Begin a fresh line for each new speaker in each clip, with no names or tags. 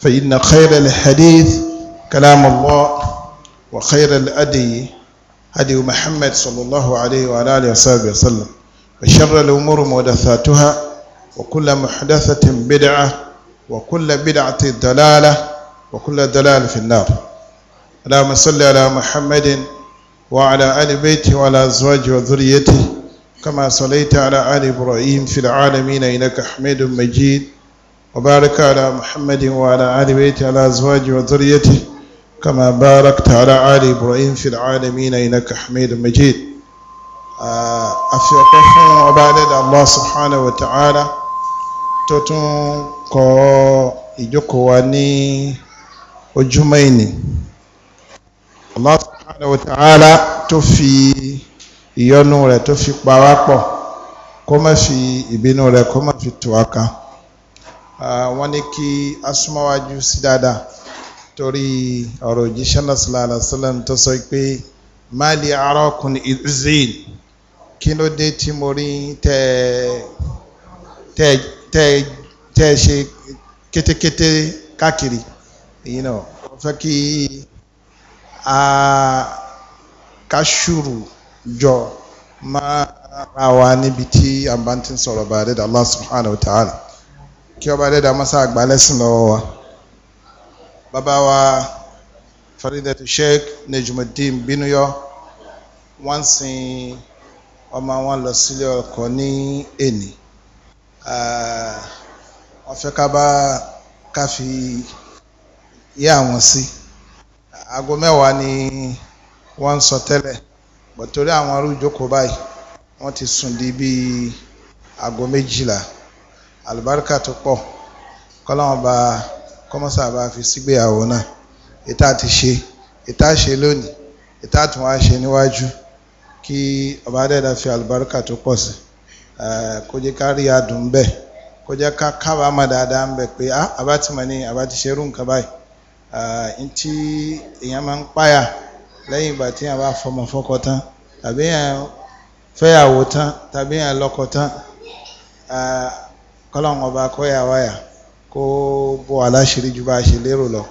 فإن خير الحديث كلام الله وخير الأدي هدي محمد صلى الله عليه وعلى آله وصحبه وسلم وشر الأمور محدثاتها وكل محدثة بدعة وكل بدعة دلالة وكل دلالة في النار اللهم صل على محمد وعلى آل بيته وعلى أزواجه وذريته كما صليت على آل إبراهيم في العالمين إنك حميد مجيد وبارك على محمد وعلى آل بيته على أزواجه وذريته كما باركت على آل إبراهيم في العالمين إنك حميد مجيد أفيقكم وبعد الله سبحانه وتعالى tuntun kọ ìjókòó wa ní ojúmọ́ ìní Allah subhanahu wa ta'ala tó fi ìyọ́nú rẹ̀ tó fi Ah, wọ́n ní kí asúmọ́wájú sí dáadáa torí ọ̀rọ̀ òjíṣẹ́ náà sallallahu alaihi wasallam tó sọ pé máàlì arákùn israel kí ló dé tí mo rí tẹ́ ṣe kétékété káàkiri èyí náà wọ́n fẹ́ kí a káṣùrù jọ máa ra wa níbi tí àbá ti ń sọ̀rọ̀ bàdé Allah subhanahu wa ta'ala kí ọba dẹ́dà mọ́sá àgbà lẹ́sìn lọ́wọ́ wa bàbá wa faridatu sheikh nejumudin binuyo wọ́n sin ọmọ wọn lọ sílé ọkọ ní èní wọ́n fẹ́ ká bá ká fi yé àwọn sí aago mẹ́wàá ni wọ́n ń sọ tẹ́lẹ̀ bọ̀tọ́rí àwọn arúgbó jókòó báyìí wọ́n ti sùn di bíi aago méjìlá àlùbáríkà tó pọ̀ kọ́lọ́wọ́n bá kọ́mọ́sà bá fi sígbéyàwó náà ìta ti ṣe ìta ṣe lónìí ìta tún wá ṣe níwájú kí ọba adẹ́dà fi àlùbáríkà tó pọ̀ sí kó jẹ́ ká rí adùn bẹ́ẹ̀ kó jẹ́ ká kábàámọ̀ dáadáa ń bẹ̀ pé àbá ti mọ̀ ní àbá ti ṣerú nǹkan báyìí ntí èèyàn máa ń páyà lẹ́yìn ìgbà tí èèyàn bá fọmọ fọ́kọ tán tàbí èèyàn fẹ́yàwó tán tàbí èèyàn lọ́kọ tán kọ́lọ́n ọba kóyà wáyà kó bó aláṣírí ju bá a ṣe lérò lọ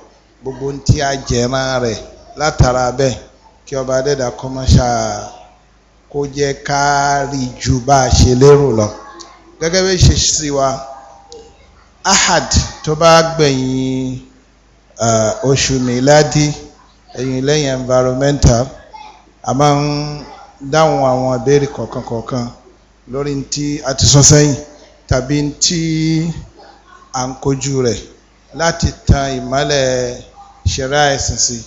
gbogbo ń tí a jẹran rẹ̀ látara bẹ́ẹ̀ kí ọba adẹ́dà kọ́mọ́ṣà kó jẹ́ ká ju bá a ṣe lérò lọ gẹ́gẹ́ bí ṣe sí wa ahad tó bá gbẹ̀yìn oṣù miladi ẹ̀yìn lẹ́yìn environmental a máa ń dáhùn àwọn ìbéèrè kọ̀ọ̀kan kọ̀ọ̀kan lórí ti a ti sọ sẹ́yìn tàbí tí à ń kojú rẹ̀ láti tan ìmọ́lẹ̀ ṣẹ̀rá ẹ̀sìn sí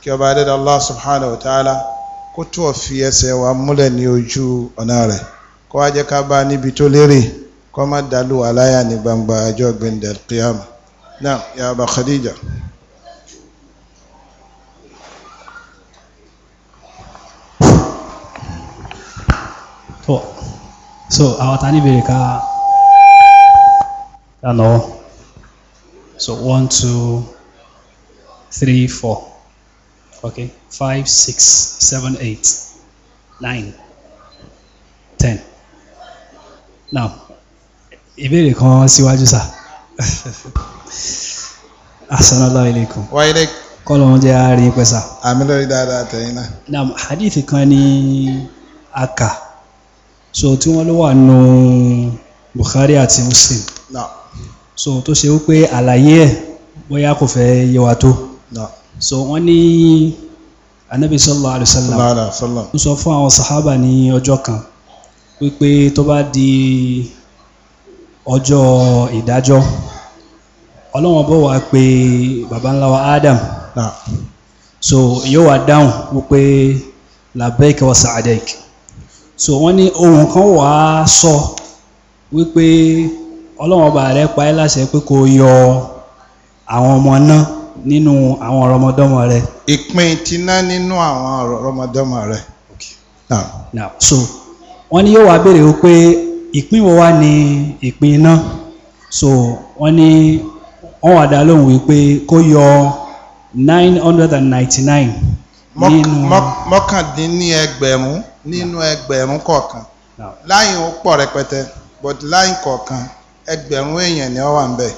kí ọba adẹ́dàá Allah subhanahu wa ta'ala kó tó fi ẹsẹ̀ wa múlẹ̀ ní ojú ọ̀nà rẹ̀ kó wá jẹ́ ká bá níbi tó lérè kó má dàlú aláyà ní gbangba ọjọ́ gbẹ̀ndẹ̀ qiyam náà ya Aba Khadija.
so àwọn ta bèrè ká and all. So one, two, three, four. Okay, five, six, seven, eight, nine, ten. Now, if ìbéèrè kan síwájú sá. Asanala ilekum. Wa ilek. Kọ́lọ̀ wọn jẹ́ àárín pẹ́sà.
Àmì lórí dáadáa tẹ̀yìn náà.
Now, hadith kan ní Aka. So tí wọ́n ló wà nù Bukhari àti Muslim. No so tó ṣe wípé àlàyé ẹ̀ bóyá kò fẹ́ yé wa tó so wọ́n ní anabi sallallahu alayhi wa sallam ń sọ fún àwọn sahaba ní ọjọ́ kan wípé tó bá di ọjọ́ ìdájọ́ ọlọ́wọ́n bọ̀ wá pé baba ńlá wa Adam so yóò wá dáhùn wípé labẹ́ẹ̀kì wa sa'adẹ́ẹ̀kì so wọ́n ní ohun kan wàá sọ wípé. So, ọlọ́wọ́n ọba rẹ̀ pa ẹ́ láṣẹ pé kó yọ àwọn ọmọ náà nínú àwọn ọ̀rọ̀mọdọ́mọ rẹ̀.
ìpín tiná nínú àwọn ọ̀rọ̀mọdọ́mọ rẹ̀.
now so wọ́n ní yóò wá béèrè o pé ìpín wo wá ni ìpín iná so wọ́n ní wọ́n wá dá lóhùn wípé kó yọ nine hundred and ninety-nine
mọ́kàndínlẹ́gbẹ̀rún nínú ẹgbẹ̀rún kọ̀ọ̀kan láyìn ó pọ̀ rẹpẹtẹ but láyìn kọ̀ọ̀kan ẹgbẹ̀rún èèyàn ni ó wà ń bẹ̀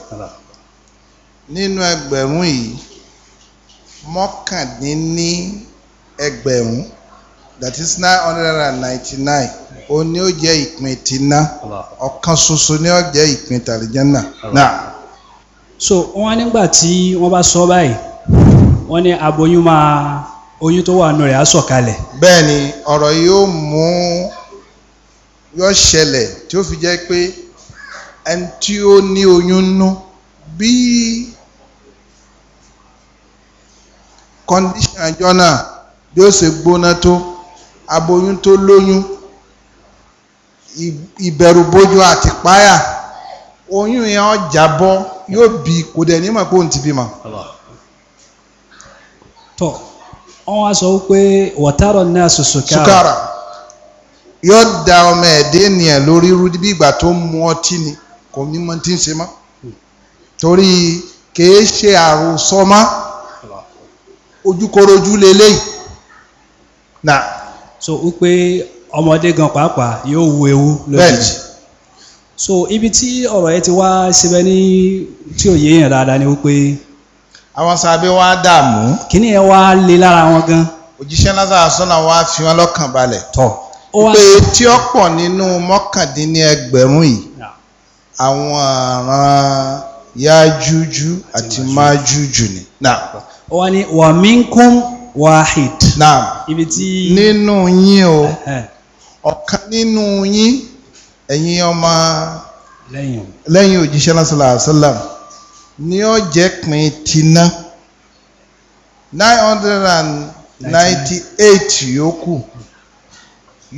nínú ẹgbẹ̀rún yìí mọ́kàndínní ẹgbẹ̀rún that is nine hundred and ninety-nine ó ní ó jẹ́ ìpín tìǹà ọ̀kan ṣoṣo ní ó jẹ́ ìpín tàlìjánà náà.
so wọn nígbà tí wọn bá sọ báyìí wọn ní aboyún máa
oyún tó wà nù rẹ̀ á sọ̀kalẹ̀. bẹ́ẹ̀ ni ọ̀rọ̀ yóò mú yóò ṣẹlẹ̀ tí ó fi jẹ́ pé. ẹni tí ó ní oyún nú bí kọ́ndíṣàn àjọ náà bí ó ṣe gbóná tó aboyún tó lóyún ìbẹ̀rùbojo àti páyà oyún yẹn ó jábọ́ yóò bí kò dẹ̀ ní mọ̀ pé òun ti bímọ. tọ́ wọ́n wá sọ pé wọ́tárọ̀ náà sùkárà. yóò da ọmọ ẹ̀dẹ́ lórí bí ìgbà tó mu ọtí ni. kò ní mọ tí ń ṣe mọ́ torí kìí ṣe àròsọ mọ́ ojúkorojú leléyìí. na so wípé ọmọdé gan pàápàá yóò
wu ewu lójijì so ibi tí ọ̀rọ̀ yẹn ti wá síbẹ̀ ní
tí ò yéèyàn dáadáa ni wípé. àwọn sábẹ́ wa dààmú. kíní yẹn wá le lára wọn gan. òjíṣẹ́ lásán àsọ́nà wa fi wọn lọ́kàn balẹ̀. tọ́ pé tí ó pọ̀ nínú mọ́kàndínlẹ́gbẹ̀rún yìí àwọn àràn yájújú àti májújú ni. ó wá ní wà minkum wahid. ibi tí. nínú yín o ọ̀kan nínú yín ẹ̀yin ọmọ lẹ́yìn òjíṣẹ́ lásìlá àṣálà ni ó jẹ́ pin tiná nine hundred and ninety eight yòókù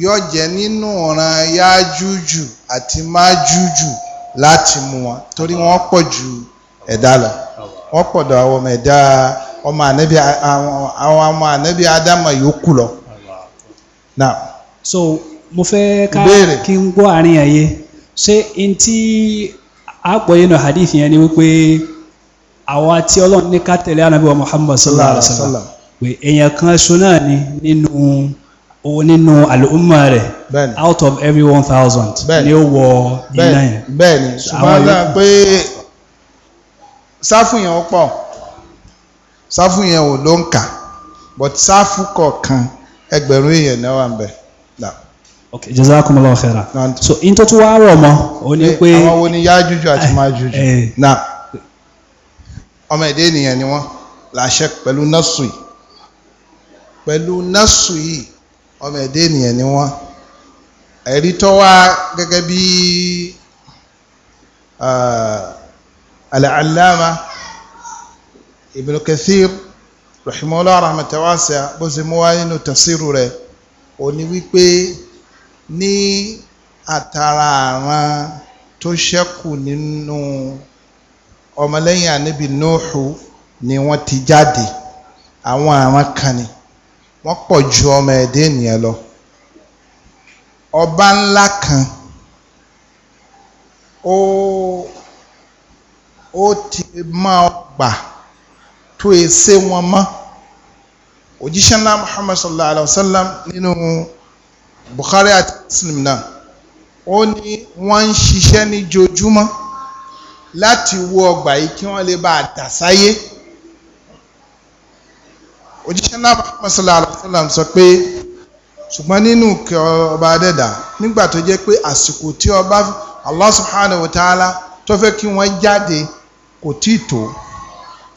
yóò jẹ́ nínú ọ̀ràn yájújú àti májújú. láti mú wọn torí wọn pọ̀ ju ẹ̀dá lọ wọ́n pọ̀ dọ̀ àwọn ọmọ ẹ̀dá ọmọ ànábì àwọn ọmọ ànábì ádámà yòókù lọ. so mo fẹ́ ká
kí n gbọ́ àárín ẹ̀yẹ ṣé n tí àpòyé náà hadith yẹn ni wípé àwa tí ní ká wa sallallahu wa sallam pé èèyàn kan náà ni nínú. No, owó nínú àlùmọ́ rẹ̀ out of every one thousand ni ó wọ iná yẹn. bẹ́ẹ̀ni ṣùgbọ́n náà
pé sáfù yẹn ó pọ̀ sáfù yẹn ò ló ń kà but sáfù kọ̀ọ̀kan ẹgbẹ̀rún èèyàn náà wà ń bẹ̀. ok jazakumullahu khaira so in tó tún wá rọ̀ mọ́ o ní pé àwọn wo ni Yájújú àti Májújú na eh, eh. ọmọ èdè ènìyàn ni wọ́n làṣẹ pẹ̀lú nọ́ọ̀sù yìí pẹ̀lú nọ́ọ̀sù yìí ọmọ ẹ̀dẹ́ ènìyàn ni wọ́n ẹ̀rí tó wá gẹ́gẹ́ bí al-allama ibn kathir rahimahullah rahmatan wasi'a bó ṣe mú wá nínú tafsiru rẹ̀ ó ní wípé ní àtàrà àwọn tó ṣẹ́kù nínú ọmọlẹ́yìn ànábì nóòhù ni wọ́n ti jáde àwọn àwọn kan ni wọ́n pọ̀ ju ọmọ ẹ̀dẹ́ ènìyàn lọ ọba ńlá kan ó ó ti máa gbà tó ẹsẹ̀ wọn mọ́ òjíṣẹ́ ńlá Muhammad sallallahu alayhi wa sallam nínú Bukhari àti Muslim náà ó ní wọ́n ń ṣiṣẹ́ ní jojúmọ́ láti wo ọgbà yìí kí wọ́n lè bá a dà sáyé òjíṣẹ́ náà Muhammad sallallahu alaihi wasallam sọ pé ṣùgbọ́n nínú kí ọba adẹ́dà nígbà tó jẹ́ pé àsìkò tí ọba Allah subhanahu wa ta'ala tó fẹ́ kí wọ́n jáde kò tí ì tó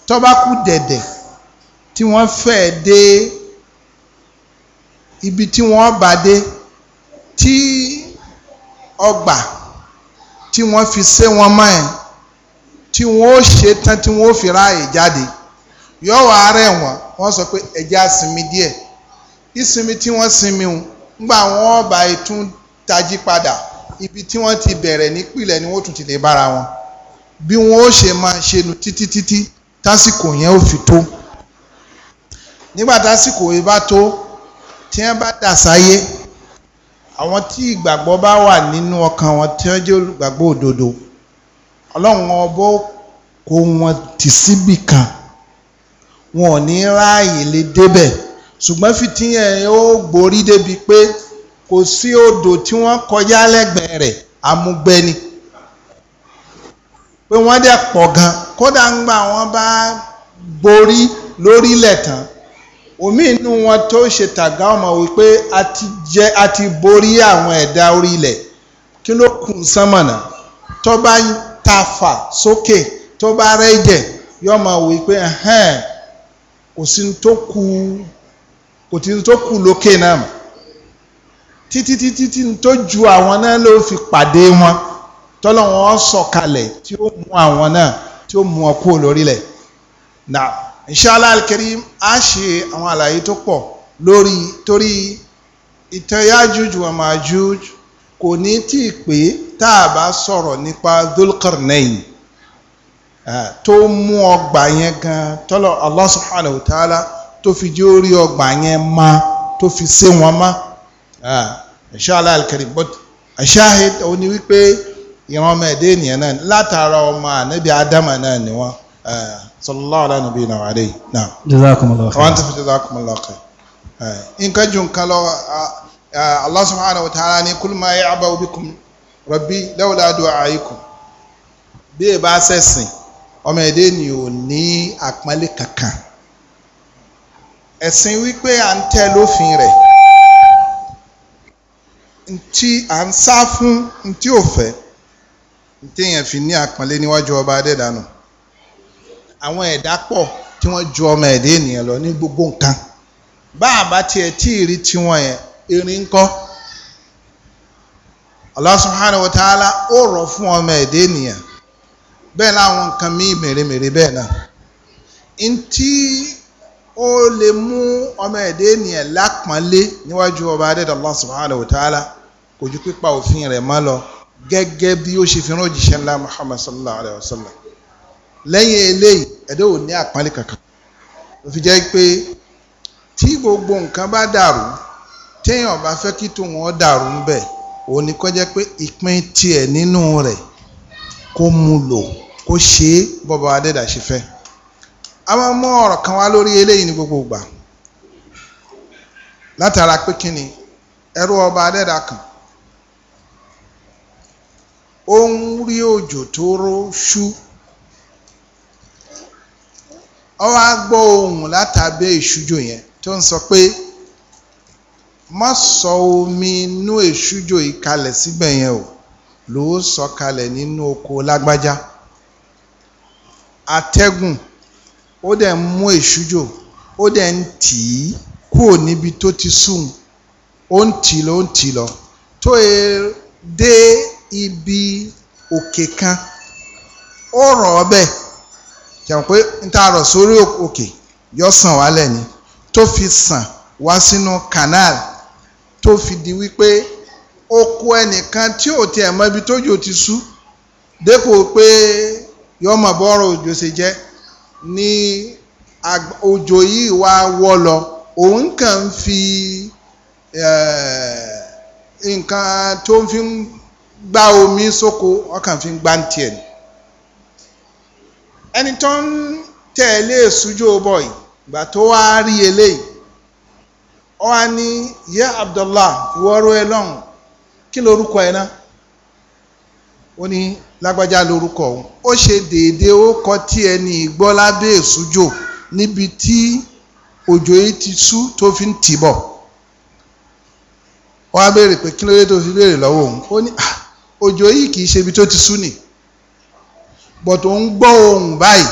tọ́ba kú dẹ̀dẹ̀ tí wọ́n fẹ́ dé ibi tí wọ́n bá dé tí ọgbà tí wọ́n fi sé wọn mọ́ ẹ̀ tí wọ́n ó ṣe tán tí wọ́n ó fi ráàyè jáde yọ wà arẹ wọn wọ́n sọ pé ẹjẹ asinmi díẹ̀ ìsinmi tí wọ́n sinmi ń gbà wọ́n bá ìtún tají padà ibi tí wọ́n ti bẹ̀rẹ̀ nípìlẹ̀ ni wọ́n tún ti lè bára wọn bí wọ́n ó ṣe máa ṣe nu títí títí tásìkò yẹn ó fi tó nígbà tásìkò yẹn bá tó tí wọ́n bá dà sáyé àwọn tí ìgbàgbọ́ bá wà nínú ọkàn wọn tí wọ́n jẹ́ olùgbàgbọ́ òdodo ọlọ́run ọbọ̀ kó wọn tì síbì kan wọn ò ní ráàyè lè débẹ̀ ṣùgbọ́n fìtíyà yẹn ó gborí débi pé kò sí odò tí wọ́n kọjá lẹ́gbẹ̀ẹ́ rẹ̀ amúgbẹ́ni pé wọ́n dẹ̀ pọ̀ gan kódà ń gbà wọ́n bá borí lórílẹ̀ tán omi inú wọn tó ṣe tàgá ọmọ wípé a ti borí àwọn ẹ̀dá orílẹ̀ kí ló kù sánmọ̀nà tó bá ta fà sókè tó bá rẹ́jẹ̀ yọmọ wípé ẹ̀hẹ́n kò sí tó kù kò tí tó kù lókè náà mọ̀ títí títí tí tó ju àwọn náà ló fi pàdé wọn tọ́lọ́wọ́n sọ̀kalẹ̀ tí ó mú àwọn náà tí ó mú wọn kúrò lórílẹ̀ náà inṣàlá alkarim á ṣe àwọn àlàyé tó pọ̀ lórí torí ìtẹ̀yájújù wa májújù kò ní tí ì pé tá a bá sọ̀rọ̀ nípa dhulqarnain tó mú ọgbà yẹn gan tọ́lọ̀ Allah subhanahu wa ta'ala tó fi jẹ́ orí ọgbà yẹn ma tó fi sé wọn ma inshallah al-karim but ashahid ó ní wípé ìran ọmọ ẹ̀dẹ́ ènìyàn náà látara ọmọ ànábì ádámà náà ni wọ́n sallallahu ala nabiyina wa alayhi náà. jazakumullahu khair. àwọn tó fi jazakumullahu nǹkan jù nǹkan lọ Allah subhanahu wa ta'ala ní kul ma ya'ba'u bikum rabbi lawla du'aikum bí ẹ bá sẹ́sìn ọmọ ẹ̀dá ènìyàn ò ní àpọ́nlé kankan ẹ̀sìn wípé à ń tẹ́ lófin rẹ̀ ntí à ń sá fún ntí ò fẹ́ ntí èèyàn fi ní àpọ́nlé níwájú ọba adẹ́dànù àwọn ẹ̀dá pọ̀ tí wọn ju ọmọ ẹ̀dá ènìyàn lọ ní gbogbo nǹkan bá a bá tiẹ̀ tí ì rí tiwọn yẹn erin ń kọ́ Allah subhanahu wa ta'ala ó rọ̀ fún ọmọ ẹ̀dá ènìyàn bẹ́ẹ̀ láwọn nǹkan míì mèremère bẹ́ẹ̀ náà ntí ó lè mú ọmọ ẹ̀dá ènìyàn lápọ́nlé níwájú ọba adẹ́dàá Allah subhanahu wa ta'ala kò ju pípa òfin rẹ̀ mọ́ lọ gẹ́gẹ́ bí ó ṣe fi rán òjíṣẹ́ ńlá Muhammad sallallahu alayhi wa sallam lẹ́yìn eléyìí ẹ̀dá ò ní àpọ́nlé kankan ló fi jẹ́ pé tí gbogbo nǹkan bá dàrú téèyàn bá fẹ́ kí tòun ó dàrú ń bẹ̀ òun ni kó jẹ́ pé ìpín tiẹ̀ nínú rẹ̀ kó mu lò kó ṣe é bọ́ba adẹ́dà ṣe fẹ́ a máa mú ọ̀rọ̀ kan wá lórí eléyìí ní gbogbo ìgbà látara pé kí ni ẹrú ọba adẹ́dà kan ó ń rí òjò tó ró ṣú ó wá gbọ́ ohùn látàbẹ́ ìṣújò yẹn tó ń sọ pé má sọ omi inú ìṣújò yìí kalẹ̀ síbẹ̀ yẹn o ló sọ̀kalẹ̀ nínú oko lágbájá atẹ́gùn ó dẹ̀ ń mú èṣújò ó dẹ̀ ń tì í kúrò níbi tó ti sùn ó ń tì lọ ó ń tì lọ tó e dé ibi òkè kan ó rọ̀ ọ́ bẹ́ẹ̀ jẹun pé n ta rọ̀ sórí òkè yọ sàn wálẹ̀ ni tó fi sàn wá sínú canal tó fi di wípé oko ẹnìkan tí ò tiẹ̀ mọ ibi tójò ti sú dépò pé yọmọ bọ́rọ̀ òjò ṣe jẹ́ ní òjò yìí wá wọ́ lọ òun kàn ń fi nǹkan tó fi ń gbá omi sóko ọkàn fi ń gbá ń tiẹ̀ ni ẹni tó ń tẹ̀lé ìsújó bọ̀ yìí ìgbà tó wá rí eléyìí ó yé Abdullah ìwọ́rọ̀ ẹ lọ́hùn kí lorúkọ ẹ ná ó ní lágbájá lorúkọ òun ó ṣe déédéé ó kọ tí ẹni ìgbọ́ lábẹ́ èsújò níbi tí òjò yìí ti sú tó fi ń tì bọ̀ wọ́n á béèrè pé kí ló dé tó fi béèrè lọ́wọ́ òun ó ní òjò yìí kì í ṣe ibi tó ti sú nì bọ̀tò ń gbọ́ ohùn báyìí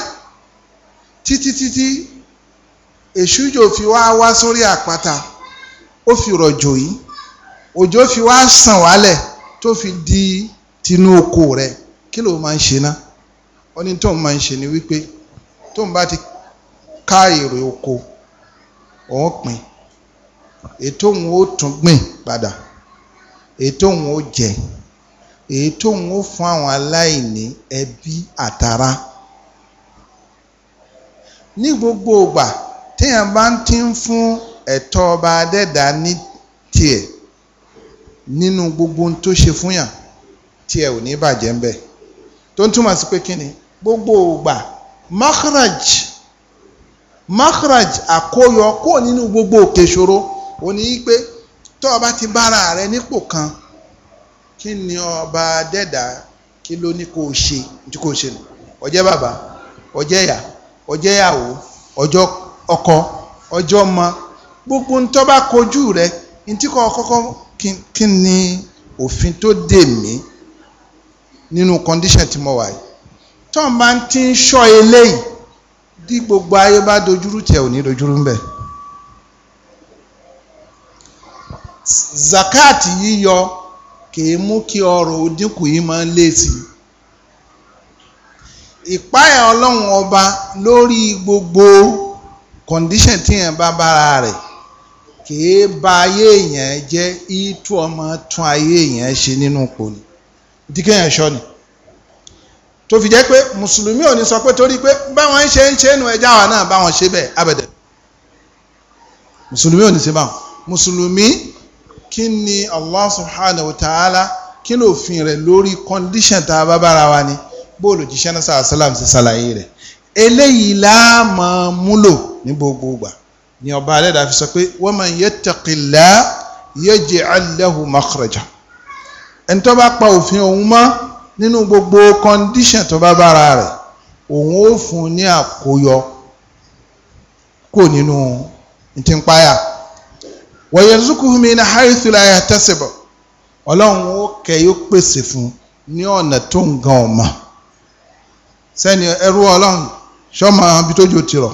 títí títí èsújò fi wá wá sórí àpáta ó fi rọ̀jò yìí òjò fi wá sàn wálẹ̀ tó fi di tinú oko rẹ̀ kí ló máa ń ṣe ná ó ní tóun máa ń ṣe ni wípé tóun bá ti ká èrè oko òun pín ètò òun ó tún gbìn padà ètò òun ó jẹ ètò òun ó fún àwọn aláìní ẹbí àtàrà ní gbogbo ìgbà téèyàn bá ń ti ń fún ẹ̀tọ́ ọba adẹ́dàá ní tiẹ̀ nínú gbogbo ohun tó ṣe fún yàn tí ẹ ò ní bàjẹ́ ń tó ń túmọ̀ sí pé kí ni gbogbo ògbà makraj makraj àkóyọ kó nínú gbogbo òkè ìṣòro ò ní pé tó o bá ti bára rẹ nípò kan kí ni ọba dẹ́dà kí ló ní kó o ṣe tí kò ṣe nù ọjẹ́ bàbá ọjẹ́ ìyá ọjẹ́ ìyàwó ọjọ́ ọkọ ọjọ́ ọmọ gbogbo ń tó bá kojú rẹ ní kò kọ́kọ́ kí ni òfin tó dè mí nínú condition tí mo wà yìí tó ń bá ti ń ṣọ́ eléyìí bí gbogbo ayé bá dojúrú tiẹ̀ ò ní dojúrú ń bẹ. zakati yíyọ kìí mú kí ọrọ̀ òdínkù yìí máa ń lé sí i ìpáyà ọlọ́run ọba lórí gbogbo condition tí yẹn bá bára rẹ̀ kìí ba ayé èèyàn jẹ́ ìtú ọmọ tún ayé èèyàn ṣe nínú ipò ni ìdí kéèyàn ṣọ́ ni tó fi jẹ́ pé mùsùlùmí ò ní sọ pé torí pé báwọn ṣe ń ṣe nu ẹja wa náà báwọn ṣe bẹ́ẹ̀ abẹ́dẹ̀ mùsùlùmí ò ní ṣe báwọn mùsùlùmí kí ni Allah subhanahu wa ta'ala kí ló fin rẹ̀ lórí condition tá a bá bára wa ni bóòlù jíṣẹ́ náà sàlám sí ṣàlàyé rẹ̀ eléyìí láàmú múlò ní gbogbo ìgbà ni ọba alẹ́dàá fi sọ pé wa man yattaqilla yaj'al lahu makhraja ẹni tó bá pa òfin òun mọ́ nínú gbogbo kọ́ndíṣàn tó bá bára rẹ̀ òun ó fún un ní àkóyọ kò nínú ìtìpáyà wa yarzuquhu min haythu la yahtasib ọlọ́run ó kẹ́ yóò pèsè fún ní ọ̀nà tó ń gan ọ̀mà sẹ́ni ẹrú ọlọ́run ṣọ́mọ bí ti rọ̀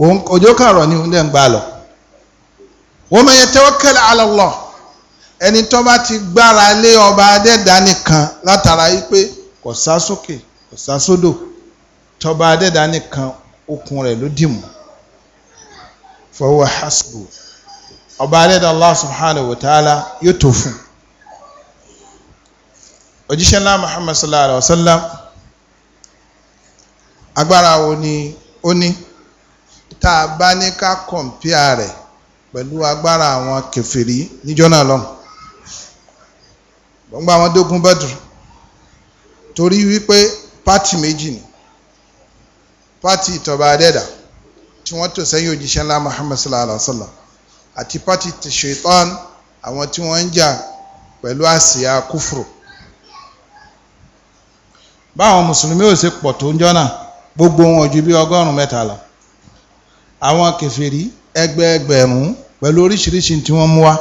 òun òjò kàrọ̀ ni òun dẹ̀ ń gbà lọ. wa man yatawakkal ala Allah ẹni tó bá ti gbára lé ọba adẹ́dá nìkan látara yìí pé kò sá sókè kò sá sódò tọba adẹ́dá nìkan okun rẹ̀ ló dì mú fahuwa hasbu ọba adẹ́dá Allah subhanahu wa ta'ala yóò tó fún òjíṣẹ́ ńlá Muhammad sallallahu alaihi wa sallam agbára wo ni ó ní tá a bá ní ká kọ̀m̀pìà rẹ̀ pẹ̀lú agbára àwọn kèfèrí níjọ́ náà lọ́hùn gbọ́ngbà àwọn dógún bẹ́dùrù torí wípé pátì méjì ni pátì ìtọ́ba adẹ́dà tí wọ́n tò sẹ́yìn òjíṣẹ́ ńlá Muhammad sallallahu alaihi wa sallam àti pátì ti ṣetán àwọn tí wọ́n ń jà pẹ̀lú àsíá kúfùrù báwọn mùsùlùmí ò ṣe pọ̀ tó ń jọ́ gbogbo wọn ju bí ọgọ́rùn-ún mẹ́ta lọ àwọn kèfèrí ẹgbẹẹgbẹ̀rún pẹ̀lú oríṣiríṣi tí wọ́n mú wá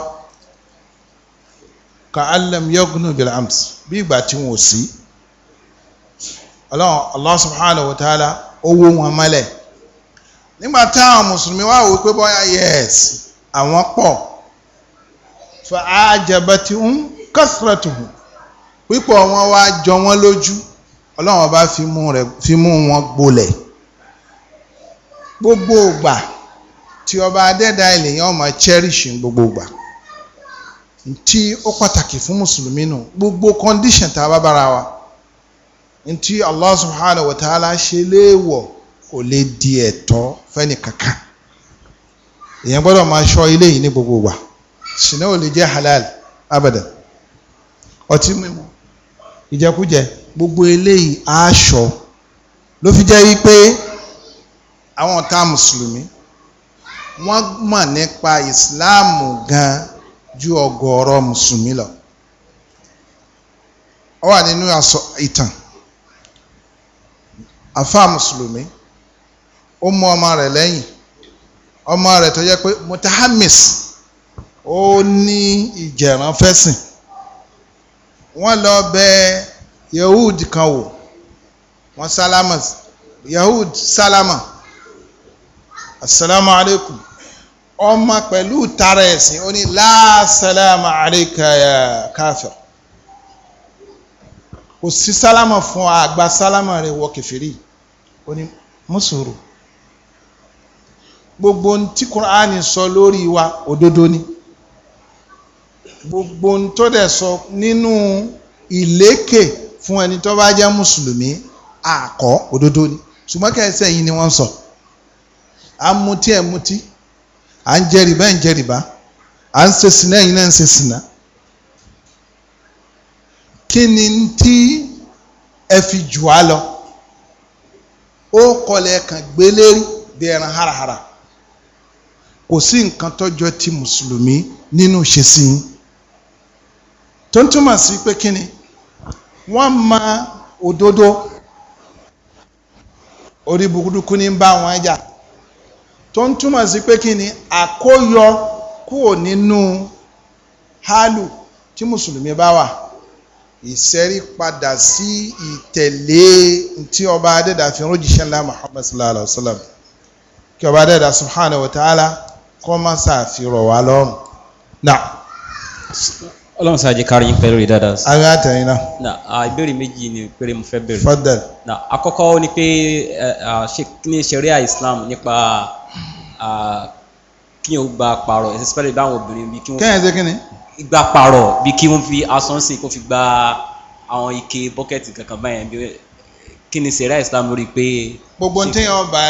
ka alam yagunu bil ams bí ìgbà tí wọn ò sí ọlọ́run allah subhanahu wa ta'ala owó wọn mọ́lẹ̀ nígbà táwọn mùsùlùmí wá wò pé bọ́yá yes àwọn pọ̀ fa ajabatihum kasratuhum pípọ̀ wọn wá jọ wọn lójú ọlọ́run ọba fi mú wọn gbolẹ̀ gbogbo ìgbà tí ọba adẹ́dá ènìyàn máa cherish gbogbo ìgbà ntí ó pàtàkì fún mùsùlùmí nù gbogbo condition tá a bá bára wa ntí Allah subhanahu wa ta'ala ṣe léèwọ̀ kò lè di ẹ̀tọ́ fẹ́ni kankan èèyàn gbọ́dọ̀ máa ṣọ́ ilé yìí ní gbogbo ìgbà sinna ò lè jẹ́ halal abada. ọtí mímu ìjẹkújẹ gbogbo eléyìí aṣọ ló fi jẹ́ wípé àwọn ọ̀tá mùsùlùmí wọ́n mọ̀ nípa ìsìláàmù gan ju ọ̀gọ̀ọ̀rọ̀ mùsùlùmí lọ ó wà nínú àsọ ìtàn àfa mùsùlùmí ó mú ọmọ rẹ̀ lẹ́yìn ọmọ rẹ̀ tó jẹ́ pé mutahamis ó ní ìjẹ̀ràn fẹ́sìn wọ́n lọ bẹ yahud kan wò wọ́n sálámà yahud sálámà asalaamu aleykum ọmọ pẹ̀lú tara ẹ̀sìn ó ní láàsálàmà àríkàyà káfẹ́ kò sí sálámà fún àgbà sálámà rẹ̀ wọ kẹfìrí ó ní mùsùlùmù gbogbo tí kùránì sọ lórí wa òdodo ni gbogbo tó dẹ̀ sọ nínú ìlékè fún ẹni tó bá jẹ́ mùsùlùmí àkọ́ òdodo ni ṣùgbọ́n kẹsẹ̀ yìí ni wọ́n sọ. So à ń mutí ẹ̀ mutí à ń jẹ rìbá ẹ̀ ń jẹ rìbá à ń ṣe sinà ẹ̀yin náà ń ṣe kí ni tí ẹ fi jù á lọ ó kọlẹ̀ kan gbélérí bí ẹran harahara kò sí nǹkan tọ́jọ́ ti mùsùlùmí nínú ìṣesí yín tó ń túmọ̀ sí pé kí ni wọ́n ma òdodo orí burúkú ní bá wọn jà tó ń túmọ̀ sí pé kí ni àkóyọ kúrò nínú hálù tí mùsùlùmí bá wà ìsẹ́rí padà sí ìtẹ̀lé tí ọba adẹ́dà fi rọ́jìṣẹ́ ńlá Muhammad sallallahu alayhi wa sallam kí ọba adẹ́dà subhanahu wa ta'ala kọ́ má ṣàfihàn wa lọ́rùn.
ọlọ́run sáájú kárí yín pẹ̀lú ìdáda. ara àtẹ̀yìn náà. na ìbéèrè méjì ni péré mo fẹ́ bẹ̀rẹ̀. fọ́dẹ̀l. na àkọ́kọ́ ni pé ṣe ní ṣẹ̀ríà Islam nípa kí o gba pààrọ̀ especially báwọn obìnrin bí kí wọ́n. kẹ́hìn ṣe kí ni. gba pààrọ̀ bí kí wọ́n fi asán sí kó fi gba àwọn ike bọ́kẹ́tì kankan báyẹn bí kí ni sẹ́rà islam rí i pé. gbogbo ní tíyẹn ọba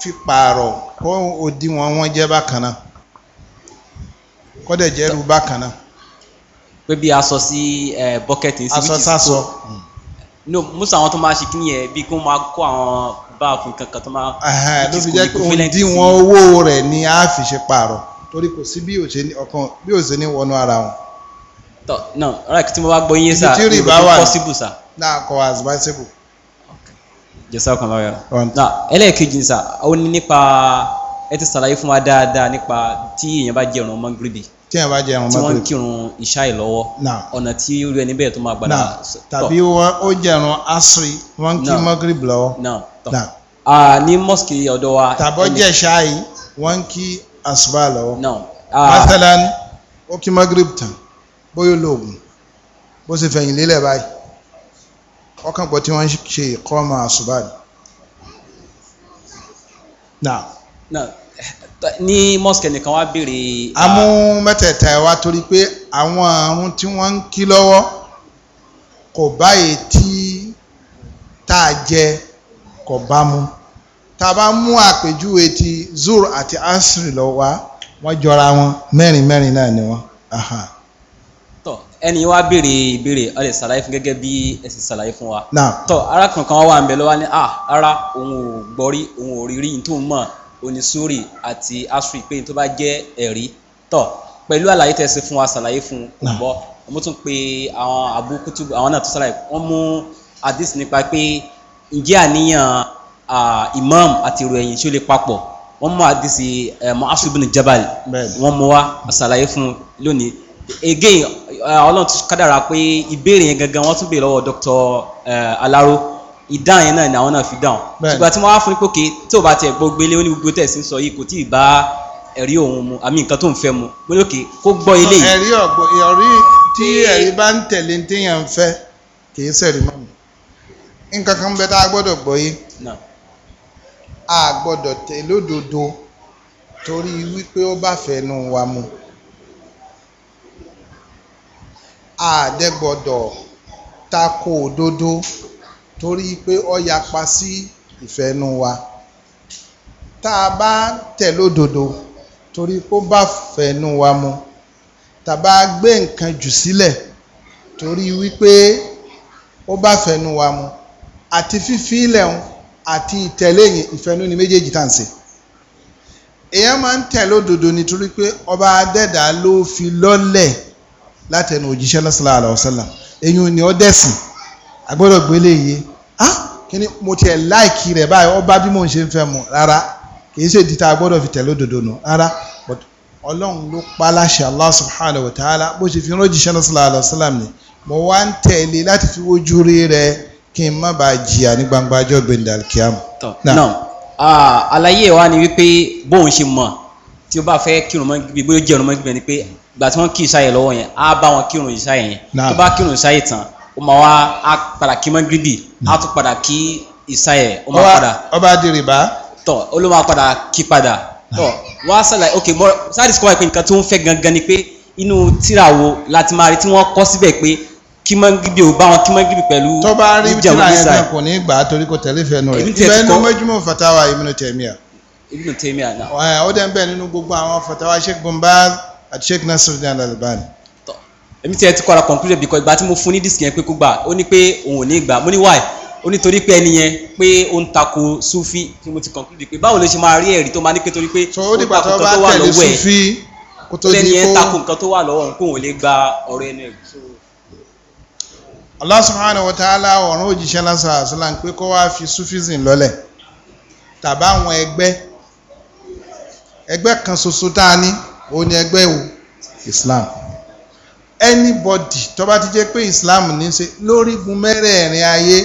fi pààrọ̀
kó òdiwọ̀n wọn jẹ́ bákan náà kó dẹ̀ jẹ́ irú bákan náà.
pé bí aṣọ sí bọ́kẹ́tì. aṣọ sásọ. no musa àwọn tó máa ṣe kí ni yẹn bí kí wọ́n máa kó àwọn fún kankan tó máa. ló fi jẹ́ pé òǹdíwọ̀n
owó rẹ̀ ni a fi ṣe pààrọ̀
torí kò sí bí ọkàn bí
òṣè ní wọnú ara wọn.
tọ náà right tí mo bá gbọ́ yín sá ìrò tó possible sa. Na kọ as possible. jésù ọkàn bá yọ. náà ẹlẹ́ẹ̀kejì sá ó ní nípa ẹ ti ṣàlàyé fún wa dáadáa nípa tí èèyàn bá jẹun ọmọ gírídì tí wọn bá jẹ àwọn mọ́tò tí wọ́n kírun ìṣá ìlọ́wọ́ ọ̀nà tí olú ẹni bẹ́ẹ̀ tó máa gbàdá. tàbí
ó jẹun asiri wọ́n kí mọ́gírì bìlọ́wọ́
ní mosque ọ̀dọ̀ wa. tàbọ̀ jẹ́ ṣáàyí wọ́n kí àsùbá lọ́wọ́.
masalan ó kí magrib tán bóyá olóògùn bó ṣe fẹ̀yìn lélẹ̀ báyìí ọkàn pọ̀ tí wọ́n ṣe ìkọ́ ọmọ àsùbá
ni. ní mosque nìkan wá béèrè. a mú
mẹ́tẹ̀ẹ̀ta ẹ̀ wá torí pé àwọn àrùn tí wọ́n ń kí lọ́wọ́ kò báyìí tí tá a jẹ kò bá mu tá a bá mú àpèjúwe ti zur àti asri lọ wá wọ́n jọra wọn mẹ́rin mẹ́rin náà ni wọ́n.
tọ ẹni wá béèrè ìbéèrè ọ lè ṣàlàyé fún gẹ́gẹ́ bí ẹ ṣàlàyé fún wa. tọ ara kankan wà ń bẹ lọ́wọ́ ni ah rárá òun ò gbọ́rí òun ò rí rí tó ń mọ̀ àti asri pé tó bá jẹ́ ẹ̀rí tọ pẹ̀lú àlàyé tẹ̀sí fún wa ṣàlàyé fún kò gbọ́ mo tún pe àwọn àbúkútù àwọn náà tó ṣàlàyé wọ́n mú àdìs nípa pé ǹjẹ́ àníyàn imam àti ìrò ẹ̀yìn ṣó lè papọ̀ wọ́n mú àdìsí mu'asu bin jabal wọ́n mú wa àṣàlàyé fún lónìí again ọlọ́run ti kádàrà pé ìbéèrè yẹn gangan wọ́n tún béèrè lọ́wọ́ dr alaro ìdáhùn yẹn náà ni àwọn náà fi dáhùn ṣùgbọ́n tí wọ́n wá fún pòkè tí ò bá tiẹ̀ gbọ́ gbélé ó ní gbogbo tẹ̀sí ń sọ yìí kò tí ì bá ẹ̀rí òun mu àmì nǹkan tó ń fẹ́ mu pé lókè kó gbọ́ eléyìí. ẹ̀rí
ọ̀gbọ̀n ẹ̀rí tí ẹ̀rí bá ń tẹ̀lé téèyàn ń fẹ́ kì í sẹ̀rí mọ́. nǹkan kan bẹ tá a gbọ́dọ̀ a gbọ́dọ̀ tẹ̀ lódodo torí wípé ó bá fẹnu wa mu a dẹ̀ gbọ́dọ̀ tako òdodo torí pé ó yapa sí ìfẹ́nu wa tá a bá tẹ̀ lódodo torí pé ó bá fẹnu wa mu tàbá gbé nǹkan jù sílẹ̀ torí wípé ó bá fẹnu wa mu. àti fífi ilẹ̀ ń àti ìtẹ̀lé yẹn ìfẹ́nú ni méjèèjì tá à ń ṣe èèyàn máa ń tẹ̀lé òdodo nítorí pé ọba adẹ́dàá ló fi lọ́lẹ̀ látẹnu òjíṣẹ́ sallallahu alaihi wasallam èyí ni ó dẹ̀sìn agbọ́dọ̀ gbélé yìí ah kí ni mo tiẹ̀ láìkì rẹ̀ báyìí ọba bí mò ń ṣe ń fẹ́ mu rárá kì í ṣe ìdí tá a gbọ́dọ̀ fi tẹ̀lé òdodo nù rárá but ọlọ́run ló pa láṣẹ Allah subhanahu wa ta'ala bó ṣe fi rán òjíṣẹ́ sallallahu alaihi ni mo wá ń tẹ̀lé láti fi wojú rí rẹ̀ kí n má bàa jìyà ní gbangba ọjọ́ gbendalkiam. náà
àlàyé wa ni wípé bóun ṣe mọ̀ tí o bá fẹ́ kírun mọ́ gbígbé bóyá jẹun mọ́ gbígbé ni pé ìgbà tí wọ́n kí ìsáyè lọ́wọ́ yẹn á bá wọn kírun ìsáyè yẹn tó bá kírun ìsáyè tán ó máa wá á padà kí mọ́ gbígbé á tún padà kí ìsáyè ó máa padà. ọba adìrìbá. tọ olóma padà kí padà tọ wá sàlà ok mọ sáà dìsíkọ́ wa pé nǹkan tó ń fẹ́ gangan ni pé inú tíra wo láti máa rí tí wọ́n kọ́ síbẹ̀ pé kí máa ń gbìbì ò bá wọn kí máa ń gbìbì pẹ̀lú ìjà òun tó bá rí tíra yẹn náà kò
ní gbà á torí kò tẹ̀lé fẹ́nu rẹ̀ ibẹ̀ nínú Majmu fatawa Ibn Taymiyyah. Ibn Taymiyyah náà. ó dẹ̀ ń bẹ̀ nínú gbogbo àwọn fatawa Sheikh Bin
Baz àti Sheikh Nasiruddin Al-Albani. èmi tiẹ̀ ti kọ́ra conclude bíkọ́ ìgbà tí mo fún ní disiki yẹn pé kó gbà ó ní pé òun ò ní gbà ó ní torí pé ẹni yẹn pé ó ń tako sufi tí mo ti conclude pé báwo ló ṣe máa rí ẹ̀rí tó máa ní pé torí pé ó ń tako tó wà lọ́wọ́
ẹ̀ lẹ́ni yẹn tako nǹkan
tó wà lọ́wọ́ òun kóun ò lè gba ọ̀rọ̀ ẹnu ẹ̀.
Allah subhanahu wa ta'ala ọ̀run òjíṣẹ́ lásán àṣìlá ń pé kó wá fi sufism lọ́lẹ̀ tàbá àwọn ẹgbẹ́ ẹgbẹ́ kan ṣoṣo tá a ní òun ni ẹgbẹ́ wo Islam anybody tó bá ti jẹ́ pé Islam ní í ṣe lórígun mẹ́rẹ̀ẹ̀rin ayé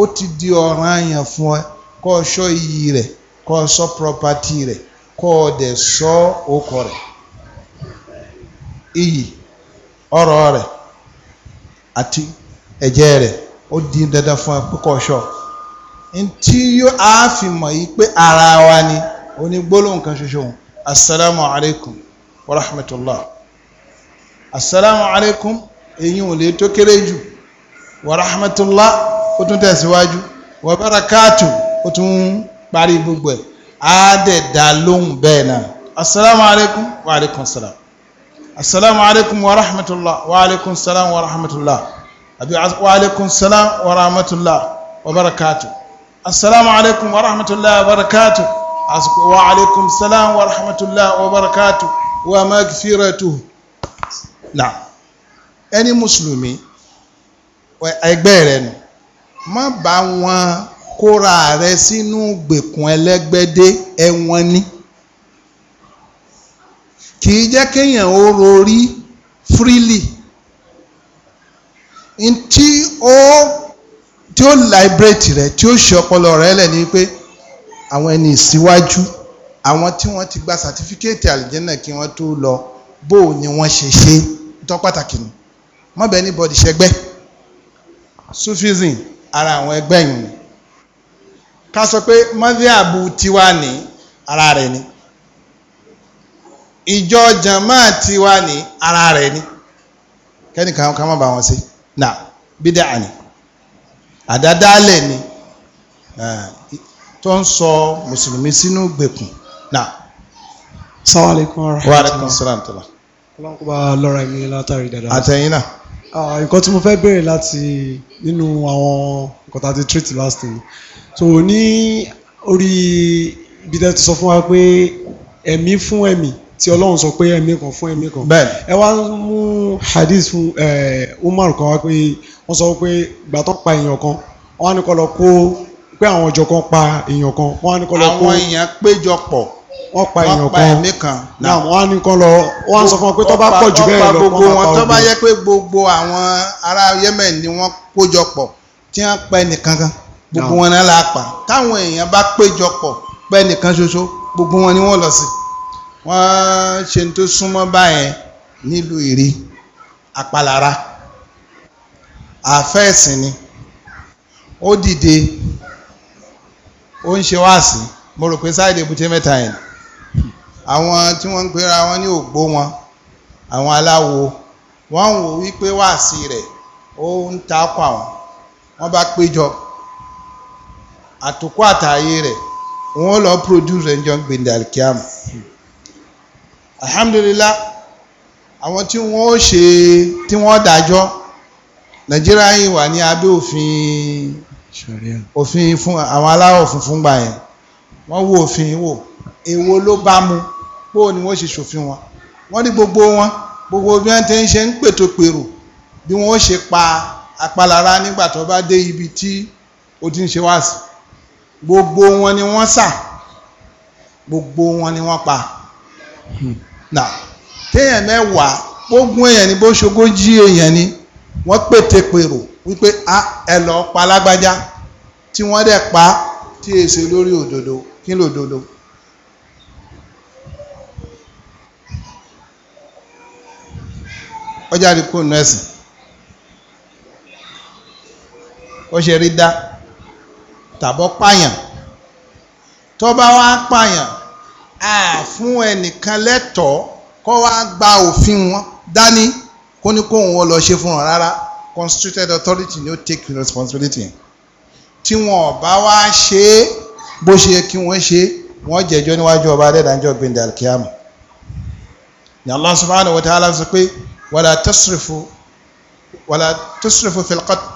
ó ti di ọ̀ràn àyàn fún ẹ kó o ṣọ́ iyì rẹ̀ kó o ṣọ́ property rẹ̀ kó o dẹ̀ ṣọ́ okọ rẹ̀ iyì ọ̀rọ̀ rẹ̀ àti ẹ̀jẹ̀ rẹ̀ ó di dandan fún akókò ṣọ́ ntí a fi mọ̀ yìí pé ara wa ni onígbólóhùn kan ṣoṣo asalaamu alaykum wa rahmatulah asalaamu alaykum èyí ò lè tó kéré jù wa rahmatulah ó tún tẹ̀síwájú wa barakatu ó tún parí gbogbo ẹ̀ á lóhùn bẹ́ẹ̀ náà asalaamu wa alaykum salaam asalaamu wa rahmatulah wa alaykum salaam wa rahmatulah àbí wa alaikum salam wa rahmatulah wa barakatu assalamu alaikum wa rahmatulah wa barakatu àsìkò wa alaikum salam wa rahmatulah wa barakatu wa magfiratu na ẹni mùsùlùmí ẹgbẹ́ rẹ nù má bá wọn kóra rẹ sínú gbèkùn ẹlẹ́gbẹ́dé ẹ̀wọ̀n ni kì í jẹ́ kéèyàn ó rorí freely ntí ó tí ó liberate rẹ tí ó ṣe ọpọlọ rẹ lẹ ni pé àwọn ẹni ìsíwájú àwọn tí wọ́n ti gba sàtífíkẹ́ẹ̀tì àlìjẹ́nà kí wọ́n tó lọ bó o ni wọ́n ṣe ṣe tó pàtàkì ni mọ́bẹ̀ anybody ṣẹgbẹ́ sufism ara àwọn ẹgbẹ́ yìí ni ká sọ pé mọ́díàbù tiwa ní ara rẹ̀ ni ìjọ jama tiwa ní ara rẹ̀ ni kẹ́nìkan ká má bá wọn ṣe nà bídà ni àdádálẹ̀ ni tó ń sọ mùsùlùmí sínú gbèkùn nà. assalamu alaikum
warahmatullahi ọlọ́run kó bá lọ́ra ẹ̀mí látàrí dáadáa. àtẹ̀yìn náà. nǹkan tí mo fẹ́ bẹ̀rẹ̀ láti nínú àwọn nǹkan tá a ti treat last time so ní orí ibi tẹ́ ti sọ fún wa pé ẹ̀mí fún ẹ̀mí tí ọlọ́run sọ pé ẹ̀mí kan fún ẹ̀mí kan. bẹ́ẹ̀ ẹ wá mú hadith Umar kan wá pé wọ́n sọ pé ìgbà tó pa èèyàn kan wọ́n á ní kó lọ kó pé àwọn ọjọ́ kan pa èèyàn kan wọ́n á ní kó kó àwọn
èèyàn péjọ pọ̀
wọ́n pa èèyàn kan náà wọ́n á ní kó lọ wọ́n á sọ fún wọn pé tó bá pọ̀ jù bẹ́ẹ̀ lọ gbogbo wọn tó bá yẹ
pé gbogbo àwọn ará Yemen ni wọ́n kójọ pọ̀ tí wọ́n pa ẹnìkan kan gbogbo wọn náà la pa táwọn èèyàn bá péjọ pọ̀ pé ẹnìkan ṣoṣo gbogbo wọn ni wọ́n lọ sí wọ́n ṣe tó súnmọ́ báyẹn nílùú ìrì apalara àáfẹ́ ẹ̀sìn ni ó dìde ó ń ṣe wáàsí mo rò pé sáìdì èbúté mẹ́ta yẹn àwọn tí wọ́n ń pera wọn ní ògbó wọn àwọn aláwo wọ́n ń wò wípé wáàsí rẹ̀ ó ń ta àwọn wọ́n bá péjọ àtòkọ́ àtàyè rẹ̀ wọ́n lọ produce rẹ̀ ń jọ gbendal alhamdulilah àwọn tí wọ́n ó ṣe tí wọ́n dájọ́ nàìjíríà yìí wà ní abẹ́ òfin òfin fún àwọn aláwọ̀ funfun gbà yẹn wọ́n wo òfin wò èwo ló bá mu bó ni wọ́n ṣe ṣòfin wọn wọ́n ní gbogbo wọn gbogbo bí wọ́n ti ń ṣe ń pètò pèrò bí wọ́n ṣe pa apalára nígbà tó bá dé ibi tí ó ti ń ṣe wá sí gbogbo wọn ni wọ́n sà gbogbo wọn ni wọ́n pa. Hmm. Nah téèyàn mẹ́wàá gbógun èèyàn ni bó ṣogójì èèyàn ni wọ́n pètè pèrò wípé ẹ lọ pa lágbájá tí wọ́n dẹ̀ pa tí èsè lórí òdodo kí lòdodo. ọjà àdìkú nọ́ọ̀sì ó ṣe rí dá tàbọ́ pààyàn tó bá pààyàn à ẹnìkan lẹ́tọ̀ọ́ kó wá gba òfin wọn dání kó ní kóun wọ́n lọ ṣe fún wọn rárá constituted authority no take responsibility yẹn tí wọn ò bá wá ṣe é bó ṣe kí wọ́n ṣe wọ́n jẹ̀jọ́ níwájú ọba adẹ́dàjọ́ gbẹ̀ndẹ̀ alkiyama ni Allah subhanahu wa ta'ala sọ pé wala tasrifu wala tasrifu fil qatl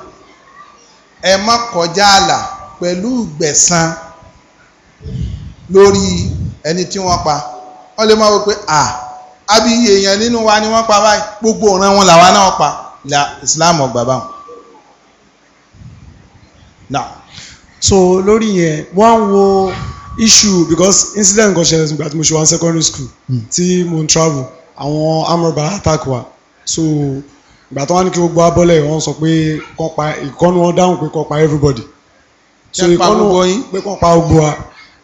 ẹ má kọjá àlà pẹ̀lú gbẹ̀san lórí ẹni tí wọ́n pa wọ́n lè máa wọ pé ah àbí èèyàn nínú wa ni wọ́n pa báyìí gbogbo ọ̀ràn wọn làwa náà pa la islam ọgbà báwọn.
now so lórí yẹn wọ́n á wo issue because incident kan ṣẹlẹ̀ nígbà tí mo ṣe wá secondary school hmm. tí mo ń travel àwọn amọ̀ba attack wa so ìgbà tí wọ́n ní kí gbogbo abọ́lẹ̀ wọ́n sọ pé kọ́ pa ìkọ́nù wọn dáhùn pé kọ́ pa everybody so ìkọ́nù pé kọ́ pa gbogbo wa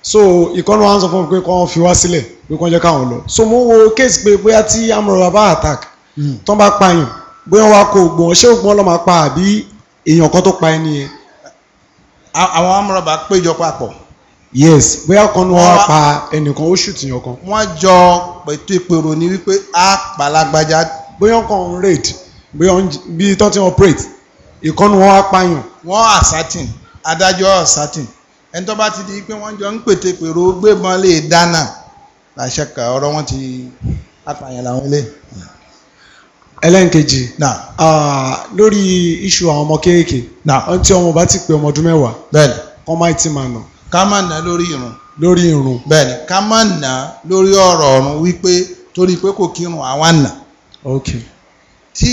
so ìkọ́nù wa ń sọ fún mi pé kọ́ fi wá sílẹ̀ pé kọ́ jẹ́ káwọn lọ so mo wo kéèsì pé bóyá tí amúrò bàbá attack hmm. tó ń bá pààyàn bóyá wa kò gbọ̀n ṣé ògbọ́n lọ́ọ́ máa pa àbí èèyàn kan tó pa ẹni yẹn.
àwọn amúrò bàbá péjọ papọ̀.
yes bóyá kan ní wọ́n pa ẹnìkan ó ṣùtì yàn kan. wọ́n jọ pẹ̀tù ìpèrò ni wípé a pa lágbájá. bóyá kan ń raid bóyá bí tó ti operate
ìkọ́nù wọn wá pààyàn. wọ́n ẹni tó bá ti di pé wọ́n jọ
ń pètè pèrò gbébọn lè dáná
làṣẹ kà ọ̀rọ̀ wọn ti apààyàn
làwọn ilé. ẹlẹ́nkejì lórí iṣu àwọn ọmọ kéékèèké ọtí ọmọ bá ti pé ọmọ ọdún mẹ́wàá bẹ́ẹ̀ni kọ́ máa ti máa nà. ká má nà lórí irun. lórí irun. bẹ́ẹ̀ni ká má nà lórí ọ̀rọ̀ ọ̀run wípé torí pé kò
kírun àwa nà. ok. tí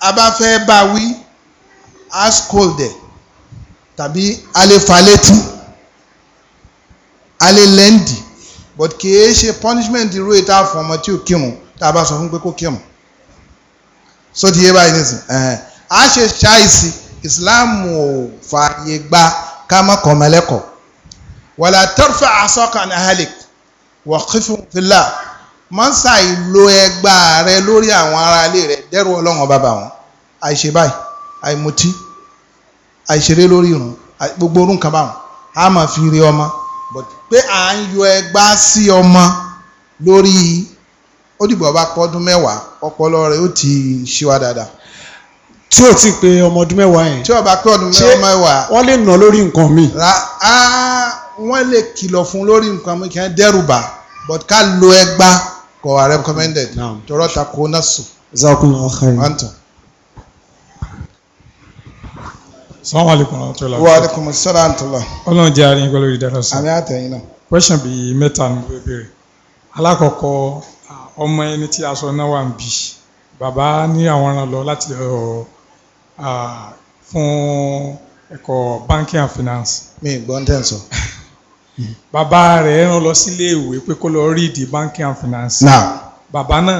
a bá fẹ́ bá wí a scold ẹ̀ tàbí a létí a lè but kìí ṣe punishment irú ètò àfọmọ tí ò kírun tá a bá sọ fún pé kó kírun so ti yé báyìí nísìn a ṣe ṣáìsì islam ò fààyè gba ká má kọ́ mẹ́lẹ́kọ̀ọ́ wàlá tẹ́rfà asọ́kan ahalik wà kífún fìlà mọ́nsá ìlò ẹgbà rẹ lórí àwọn ará ilé rẹ dẹ́rù ọlọ́run bàbá wọn àìṣe báyìí àìmutí àìṣeré lórí irun gbogbo orun báwọn a máa fi rí ọmọ pé à ń yọ ẹgbá sí ọmọ lórí ó dìbò ọba pọ́dún mẹ́wàá ọpọlọ rẹ̀ ó ti ṣíwá dáadáa tí o ti pé ọmọ ọdún mẹ́wàá yẹn. tí o bá pé ọdún mẹ́wàá. wọ́n lè nà lórí nǹkan mi. wọ́n lè kìlọ̀ fún lórí nǹkan mi kàn dẹ́rù bà but ká lo ẹgbàá kò recommended. tọrọ ta kó náà sùn. zakunlọ ọkàn yìí.
salamu alaykum wa rahmatulah. wa alaykum
salaam tula.
ọlọ́run jẹ́ àárín ìgbọ́lórí dára sọ. àmì àtẹ̀yìn náà. question bíi mẹ́ta ni mo fẹ́ béèrè alákọ̀ọ́kọ́ ọmọ ẹni tí aṣọ náà wà ń bì bàbá ní àwọn ràn lọ láti fún ẹ̀kọ́ banking and finance. mi gbọ́ ń tẹ̀ sọ. bàbá rẹ̀ rán lọ sílé ìwé pé kó lọ read banking and finance. now bàbá náà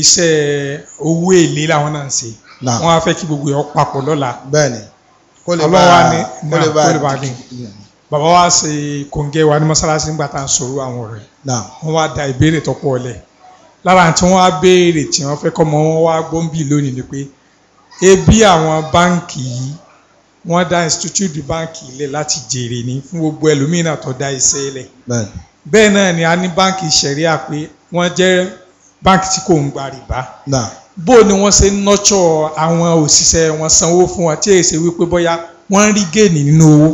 iṣẹ́ owó èlé làwọn náà ń ṣe. now wọ́n á fẹ́ kí gbogbo ẹ̀ ọ́ papọ̀ lọ́la.
bẹ́ẹ̀ ni kó lè bá kó lè bá
dín bàbá wa ṣe kòńgẹ́ wa ní mọ́sálásí nígbà tá a sọ̀rọ̀ àwọn ọ̀rẹ́ wọ́n wá da ìbéèrè tó pọ̀ lẹ̀ lára tí wọ́n á béèrè tí wọ́n fẹ́ kọ́mọ wọn wá gbóǹbì lónìí ni pé ebi àwọn báǹkì yìí wọ́n dá institute báǹkì ilẹ̀ láti jèrè ní fún gbogbo ẹlòmínà tó dá iṣẹ́ ilẹ̀ bẹ́ẹ̀ náà ni a ní báǹkì ṣẹ̀ríà pé wọ́n jẹ́ báǹkì tí kò ń gba rìbá bó ni wọ́n ṣe ń nọ́tsọ̀ àwọn òṣìṣẹ́ wọn sanwó fún wọn tí èsì wípé bóyá wọ́n ń rí géènì nínú owó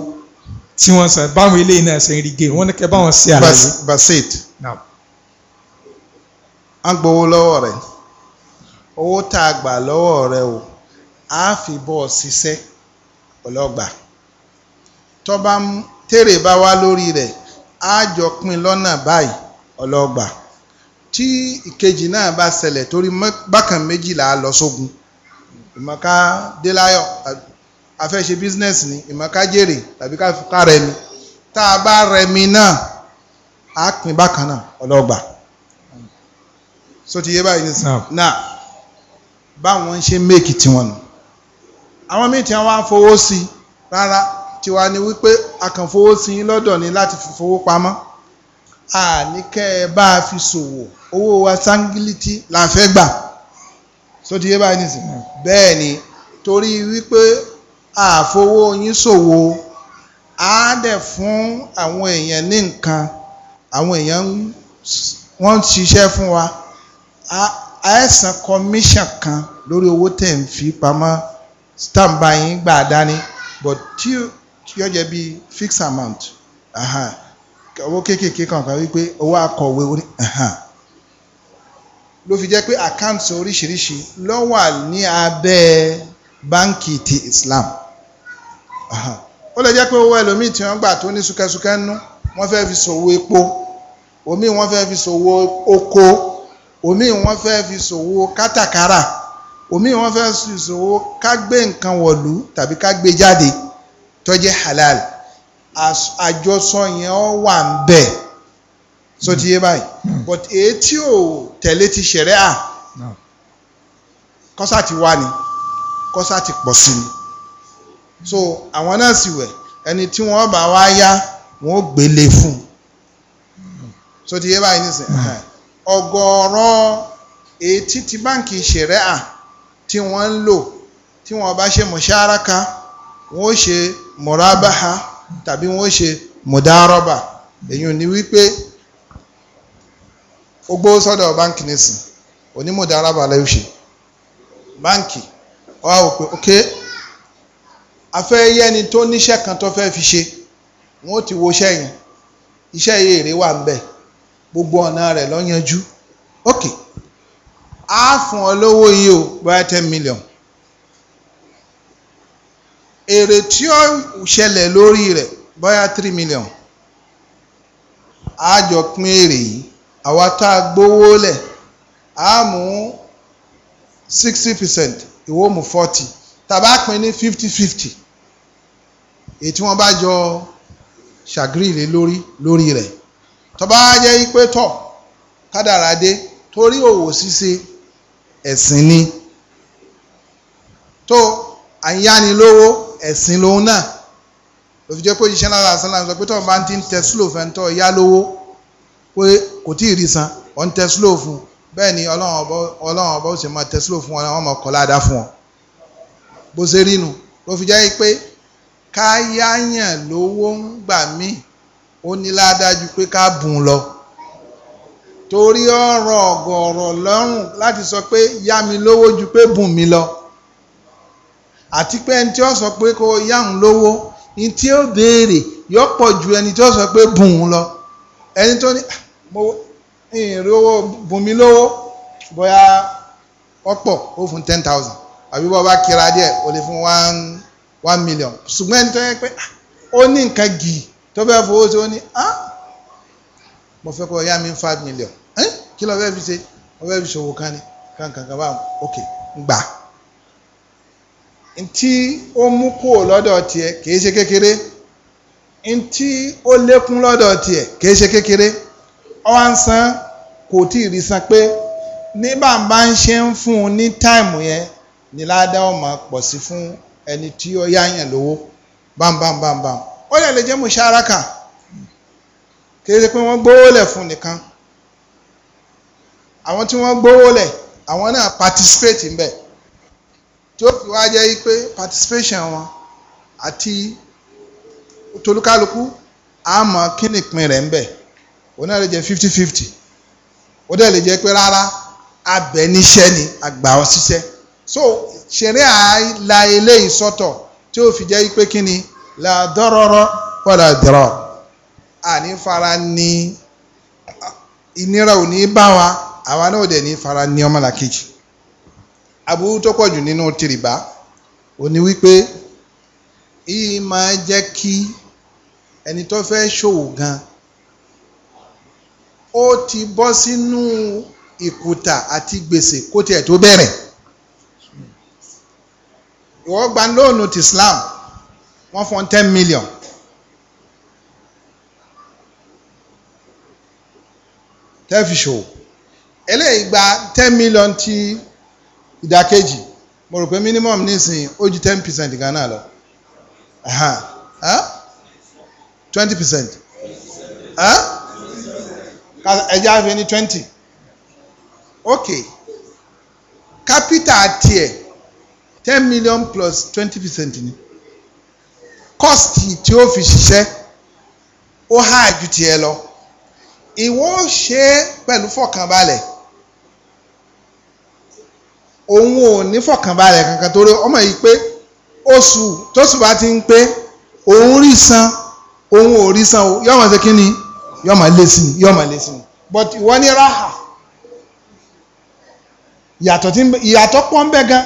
tí wọ́n san báwọn eléyìí náà ṣe ń rí
géènì wọ́n ní kẹ́ báwọn ṣe àlàyé. basit a gbowó lọ́wọ́ rẹ̀ owó tá a gbà lọ́wọ́ rẹ̀ o a fi bọ́ ọ ṣiṣẹ́ ọlọ́gbà tọ́ba tèrè bá wá lórí rẹ̀ a jọ pín lọ́nà báyìí ọlọ́gbà tí ìkejì náà bá ṣẹlẹ̀ torí bákan méjìlá lọ sógun ìmọ̀ká délayọ̀ afẹ́ṣe bísínẹ́sì ni ìmọ̀ká jèrè tàbí ká rẹmi tá a bá rẹmi náà á pín bákan náà ọlọ́gbà sóti yé báyìí ní sàn náà báwọn ṣe méèkì tiwọn nù àwọn míì tí wọn á fowó sí rárá tiwa ni wípé a kàn fowó sí i lọ́dọ̀ ni láti fi fowó pamọ́ àníkẹ́ bá a fi ṣòwò. So owó wa sangiliti là ń fẹ́ gbà so ti yé báyìí nìsín bẹ́ẹ̀ ni torí wípé àfowó yín ṣòwò á dẹ̀ fún àwọn èèyàn ní nǹkan àwọn èèyàn wọ́n ń ṣiṣẹ́ fún wa á san commission kan lórí owó tẹ̀ ń fi pamọ́ stamp yín gbà dání but tí yóò jẹ́ bíi fixed amount owó kéékèèké kankan wípé owó akọ̀wé orí. Uh ló fi jẹ́ pé àkáǹtì oríṣiríṣi ló wà ní abẹ́ báǹkì ti Islam ó lè jẹ́ pé owó ẹlòmíì tí wọ́n gbà tó ní súkẹ́súkẹ́ nú wọ́n fẹ́ fi ṣòwò epo omi wọ́n fẹ́ fi ṣòwò oko omi wọ́n fẹ́ fi ṣòwò kátàkárà omi wọ́n fẹ́ fi ṣòwò ká gbé nǹkan wọ̀lú tàbí ká gbé jáde tó jẹ́ halal àjọsọ yẹn wà ń bẹ̀ sọ ti yé báyìí hmm. but èyí tí ò tẹ̀lé ti ṣẹ̀rẹ́ à kọ́sà ti wá ni kọ́sà ti pọ̀ sí ni so àwọn náà sì wẹ̀ ẹni tí wọ́n bá wá yá wọ́n gbélé fún un so ti yé báyìí nísìn ọgọ́rọ́ ètí ti báǹkì ṣẹ̀rẹ́ à tí wọ́n ń lò tí wọ́n bá ṣe mọ̀ṣáraka wọ́n ṣe mọ̀rábáha tàbí wọ́n ṣe mọ̀dárọ́bà èyí ni wípé ó gbówó sọ́dọ̀ báǹkì nísìn onímọ̀dá arábà lẹ́yìn ṣe báǹkì ó wá wò pé ok afẹ́ yẹni tó níṣẹ́ kan tó fẹ́ fi ṣe wọn ó ti wo iṣẹ́ yẹn iṣẹ́ yìí èrè wà ń bẹ̀ gbogbo ọ̀nà rẹ̀ ló yanjú ok a fún ọ lówó yìí o bóyá ten million èrè tí ó ṣẹlẹ̀ lórí rẹ̀ bóyá three million a jọ pín èrè yìí àwa tá a gbowó lẹ̀ á mú sixty percent ìwọ mú forty tàbá pín ní fifty fifty èyí tí wọ́n bá jọ ṣàgírìlẹ̀ lórí lórí rẹ̀ tọ́ba jẹ́ pé tọ̀ kádàrá dé torí òwò ṣíṣe ẹ̀sìn ni tó àyánilówó ẹ̀sìn lòun náà ló pé òṣìṣẹ́ náà sọ́nà sọ pé tọ́ bá ń ti ń tẹ ìyá lówó pé kò tí ì rí san ọ̀ ń tẹ́ slow fún bẹ́ẹ̀ ni ọlọ́run ọba ó sì máa tẹ́ slow fún wọn àwọn ọmọ kọ́ládá fún wọn bó ṣe rí nu ló fi jẹ́ pé ká yáyàn lówó ń gbà mí ó ní ládájú pé ká bùn lọ torí ọ̀rọ̀ ọ̀gọ̀ọ̀rọ̀ lọ́rùn láti sọ pé yá mi lówó ju pé bùn mi lọ àti pé ẹni tí ó sọ pé kó yá lówó ní tí ó béèrè yọ pọ̀ ju ẹni tí ó sọ pé bùn lọ ẹni tó ní mo ìrìn owó bùnmi lówó bóyá ọ̀pọ̀ ó fún ten thousand àbí bọ́ bá kíra díẹ̀ ó lè fún one one million ṣùgbọ́n ẹni tó yẹ pé ah, ó ní nǹkan gì tó bẹ́ẹ̀ fowó sí ó ní ah mo fẹ́ kó yá mi five million kí ló fẹ́ fi ṣe mo fẹ́ fi ṣòwò kan ni kankan kan báwọn ok gbà ntí ó mú kúrò lọ́dọ̀ tiẹ̀ kìí ṣe kékeré ntí ó lékún lọ́dọ̀ tiẹ̀ kìí ṣe kékeré ọwọ́ ń san kò tí ì rí san pé ní bàbá ń ṣe ń fún un ní táìmù yẹn ni ládá ọmọ pọ̀ sí fún ẹni tí ó yáyàn lówó bámbámbámbám ó lè lè jẹ́ mùsáraka kì í ṣe pé wọ́n gbówó lẹ̀ fún nìkan àwọn tí wọ́n gbówó lẹ̀ àwọn náà participate ń bẹ̀ tí ó fi wá jẹ́ pé participation wọn àti tolúkálukú àmọ́ kí nìpín rẹ̀ ń bẹ̀ òun náà lè jẹ́ fifty fifty ó dẹ̀ lè jẹ́ pé rárá abẹ níṣẹ́ ni àgbà ṣiṣẹ́ so ṣeré àìla eléyìí sọ́tọ̀ tí ó fi jẹ́ pé kí ni là dọ́rọ́rọ́ wọ́dà dọ́rọ́ àní fara ni ìnira ò ní bá wa àwa náà dẹ̀ ní fara ni ọmọlàkejì aburú tó pọ̀ jù nínú tìrìbá ò ní wípé ìyí máa jẹ́ kí ẹni tó fẹ́ ṣòwò gan-an ó ti bọ́ sínú ìkùtà àti gbèsè kó tiẹ̀ tó bẹ̀rẹ̀ ìwọ gba lóònù ti Islam wọ́n fún ten million. tẹ́fì ṣòwò eléyìí gba ten million ti ìdàkejì mo rò pé minimum nísìnyí ó ju ten percent Ghana lọ twenty percent. Huh? ẹja fi ní twenty ok capital tiẹ̀ ten million plus twenty percent ni cost tí ó fi ṣiṣẹ́ ó há ju tiẹ̀ lọ ìwọ ṣe é pẹ̀lú fọkànbalẹ̀ òun ò ní fọkànbalẹ̀ kankan torí ọmọ yìí pé oṣù tóṣù bá ti ń pé òun rí san òun ò rí san o yọ̀wọ̀n ṣe kí ni yóò máa lé sí mi yóò máa lé sí mi but ìwọ ní ráhà ìyàtọ̀ tí ìyàtọ̀ pọ̀ ń bẹ gan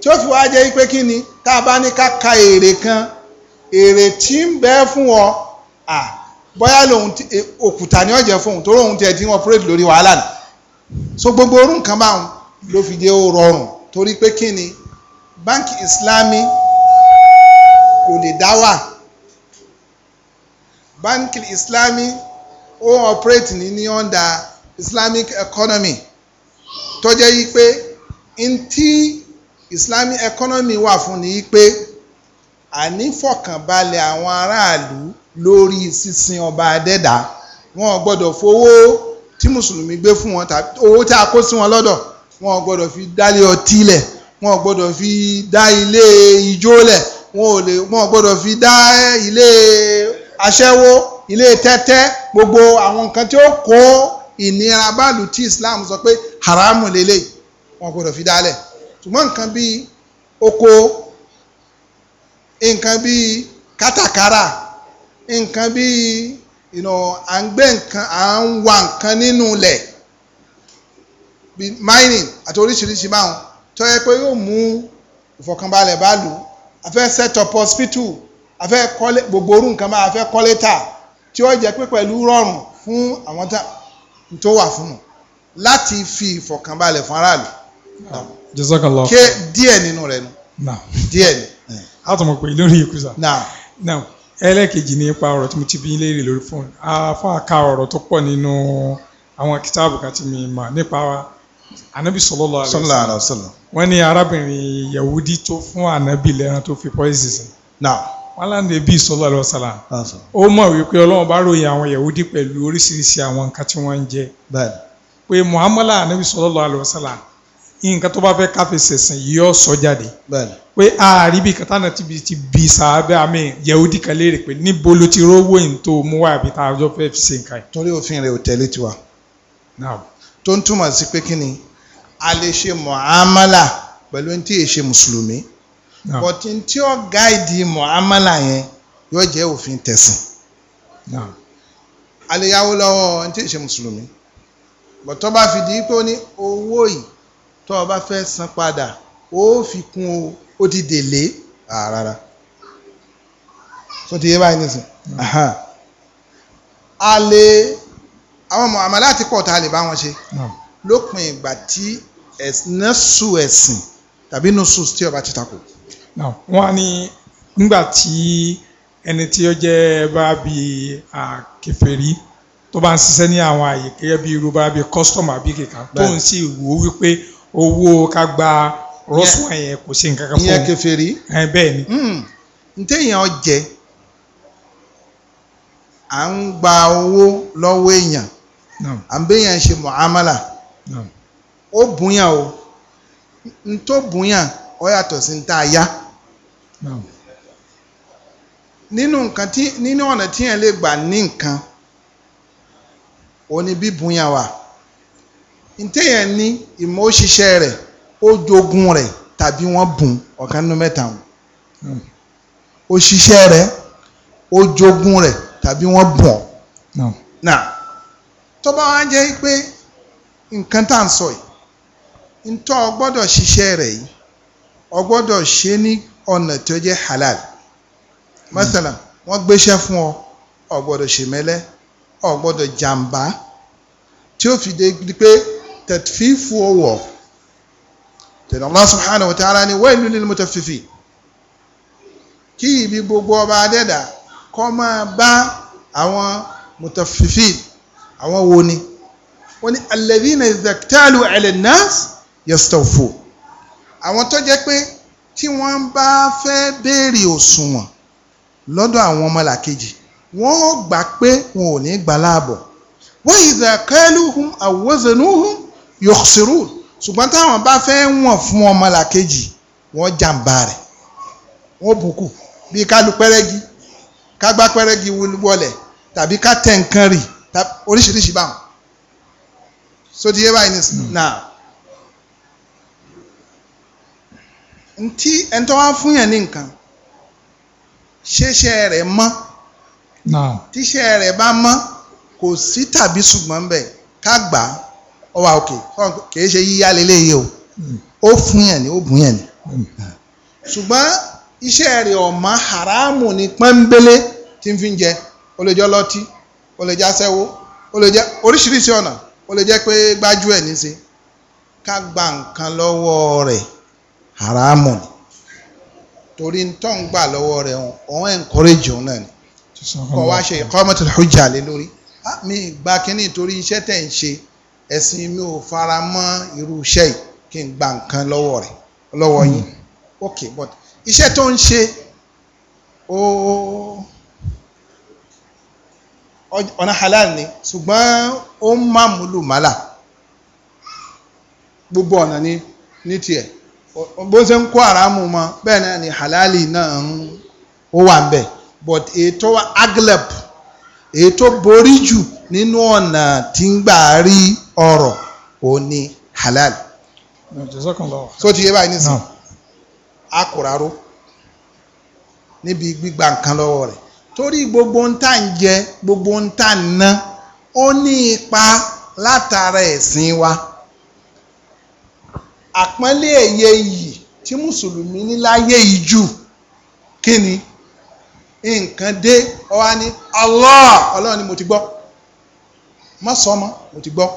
tí ó fi wá jẹ́ pé kí ni tá a bá ní ká ka èrè kan èrè tí ń bẹ fún ọ à bóyá lòun e, òkúta ni ọ̀jẹ̀ fún òun tó lóun tiẹ̀ tí wọ́n pírèdì lórí wàhálà ni so gbogbo orú nǹkan báwọn ló fi jẹ́ ó rọrùn torí pé kí ni báńkì ìsìláàmì kò lè dá wà báńkì ìsìláàmì ó ń operate ní ní under islamic economy tó jẹ́ yí pé n tí islamic economy wà fún ni yí pé ànífọ̀kànbalẹ̀ àwọn aráàlú lórí sísin ọba adẹ́dá wọn gbọ́dọ̀ fowó tí mùsùlùmí gbé fún wọn tàbí owó tí a kó sí wọn lọ́dọ̀ wọn gbọ́dọ̀ fi dálé ọtí lẹ̀ wọn gbọ́dọ̀ fi dá ilé ijó lẹ̀ wọn ò lè wọn gbọ́dọ̀ fi dá ilé aṣẹ́wó ilé tẹ́tẹ́ gbogbo àwọn nǹkan tí ó kó ìnira báàlù tí Islam sọ pé haramu lélẹ̀ wọn kò rọ̀ fi dálẹ̀ ṣùgbọ́n nǹkan bíi oko nǹkan bíi kátàkárà nǹkan bíi you know, à ń gbé nǹkan à ń wa nǹkan nínú ilẹ̀ mining àti oríṣiríṣi báwọn tó yẹ pé yóò mú ìfọ̀kànbalẹ̀ báàlù a fẹ́ set up hospital a kọ́lé gbogbo orú nǹkan máa a fẹ́ kọ́lé tà tí ó jẹ́ pé pẹ̀lú rọrùn fún àwọn tó wà fún un láti fi ìfọ̀kànbalẹ̀ fún aráàlú.
Jazakallah. ké
díẹ̀ nínú rẹ̀ nu. díẹ̀ ni. a
tún mọ̀ pé lórí ikú ẹlẹ́kejì nípa ọ̀rọ̀ tí mo ti bí léèrè lórí fóònù afa ka ọ̀rọ̀ tó pọ̀ nínú àwọn kìtáàbù kan tí mi mọ̀ nípa anabi sallallahu alaihi wasallam wọ́n ní arábìnrin yahudi tó fún anabi lẹ́ran tó fi poison sí. now alande bíi sọlọ alọ sàlà ó mọ̀ wípé Ọlọ́run bá ròyìn àwọn yahudi pẹ̀lú oríṣiríṣi àwọn nǹkan tí wọ́n ń jẹ pé muhammadu anabi sọlọ alọ sàlà nǹkan tó bá fẹ́ káfí sẹ̀sìn yóò sọ jáde pé ààrí katana ti bi ti bi sàábẹ́ àmì yahudi kan léèrè pé níbo ló ti rówó yìí tó mú wá àbí tá a jọ fẹ́ fi
ṣe nǹkan yìí. torí òfin rẹ̀ ò tẹ̀lé tiwa tó ń túmọ̀ sí pé kí ni a lè ṣe muamala pẹ̀lú ní tí èṣe mùsùlùmí but n tí ó gáìdì mọ̀ámálà yẹn yóò jẹ́ òfin tẹ̀sìn àlèyáwó lọ́wọ́ n tí ì ṣe mùsùlùmí but tó bá fi di pé ó ní owó yìí tó o bá fẹ́ san padà ó fi kún o ó ti délé rárá tó ti yé báyìí nísìn a lè àwọn mọ̀ámálà ti pọ̀ tá a lè bá wọn ṣe lópin ìgbà tí nọ́ọ̀sù ẹ̀sìn tàbí nọ́ọ̀sù tí ó ti takò. wọ́n ni
nígbà tí ẹni tí ó jẹ́ báàbí kèfèrí tó bá ń ṣiṣẹ́ ní àwọn àyè gẹ́gẹ́ bí irú báàbí custom àbí kìkà tó ń sì wò wípé owó ká gba rọ́ṣùn ẹ̀yẹ kò ṣe nǹkan kan fún un ìyẹn ni. Hmm.
owó lọ́wọ́ èèyàn à ń béèyàn ṣe ó o bùnyàn ó yàtọ̀ sí yá. nínú nǹkan tí nínú ọ̀nà tí yẹn lè gbà ní nǹkan ni bíbùn yẹn wà ntẹ́yẹn ní ìmọ̀ òṣìṣẹ́ rẹ̀ ó jogún rẹ̀ tàbí wọ́n bùn ọ̀kan nínú mẹ́ta wọn òṣìṣẹ́ hmm. rẹ̀ ó jogún rẹ̀ tàbí wọ́n bùn ọ́ nà jẹ́ pé nǹkan tá à ń sọ yìí ntọ́ ọ gbọ́dọ̀ ṣiṣẹ́ rẹ̀ yìí ọ gbọ́dọ̀ ṣe ọ̀nà tí ó jẹ́ halal masalan wọ́n gbéṣẹ́ fún ọ ò gbọ́dọ̀ ṣèmẹ́lẹ́ ò gbọ́dọ̀ jàǹbá tí ó fi di pé tẹ̀fífù ọwọ́ tẹ̀lé Allah subhanahu wa ta'ala ni wailul lil mutaffifin kí ibi gbogbo ọba adẹ́dà kọ́ máa bá àwọn mutaffifin àwọn wo ni wọ́n ní alladhina idha iktalu ala an-nas yastawfu àwọn tó jẹ́ pé tí wọ́n bá fẹ́ béèrè òṣùwọ̀n lọ́dọ̀ àwọn ọmọlàkejì wọ́n gbà pé wọn ò ní gbà láàbọ̀ wa idha kaluhum aw wazanuhum yukhsirun ṣùgbọ́n táwọn bá fẹ́ wọ̀n fún ọmọlàkejì wọ́n jàǹbá rẹ̀ wọ́n bùkù bíi ká lu pẹ́rẹ́gì ká gbá tàbí ká tẹ̀ nǹkan rì oríṣiríṣi báwọn. so di yé báyìí ní sinmi. ntí ẹni tó wá fún yàn ní nǹkan ṣéṣe rẹ̀ mọ́ tíṣe rẹ̀ bá mọ́ kò sí tàbí ṣùgbọ́n bẹ́ẹ̀ ká gbà á ọ wà òkè kìí ṣe yíyá leléyìí o hmm. ó fún yàn ní ó bùn yàn ní. Hmm. ṣùgbọ́n iṣẹ́ rẹ̀ ọ̀mọ́ haramu ni pọ́nbélé tí ń fi ń jẹ ó lè jẹ́ ọlọ́tí ó lè jẹ́ aṣẹ́wó ó lè jẹ́ oríṣiríṣi ọ̀nà ó lè jẹ́ pé gbájú ẹ̀ ní í ṣe ká gba nǹkan lọ́wọ́ rẹ̀ haramu ni torí ntọ́ ń gbà lọ́wọ́ rẹ̀ òun encourage òun náà ni kọ́ wá ṣe iqamatul hujja lé lórí mi gba kínní torí iṣẹ́ tẹ̀ ń ṣe ẹ̀sìn mi ò fara mọ́ irú iṣẹ́ yìí kí n gba nǹkan lọ́wọ́ rẹ̀ lọ́wọ́ yín hmm. ok but iṣẹ́ tó ń ṣe ó ọ̀nà halal ni ṣùgbọ́n ó ń má múlùmálà gbogbo ọ̀nà ni ní tiẹ̀ bó ṣe ń kó àràmù mọ bẹ́ẹ̀ náà ni halali náà ń ó wà ń bẹ̀ but ètò aglep ètò borí jù nínú ọ̀nà tí ń gbà rí ọ̀rọ̀ ò ní halal. so ti yé báyìí nísìn akùràró níbi gbígba nǹkan lọ́wọ́ rẹ̀ torí gbogbo ń tà ń jẹ gbogbo ń tà ń ná ó ní ipa látara ẹ̀sìn wa àpọ́nlé ẹ̀yẹ iyì tí mùsùlùmí ní láyé yìí jù kí ni nǹkan dé ọwá ní Allah Allah ni mo ti gbọ́ má sọ ọmọ mo ti gbọ́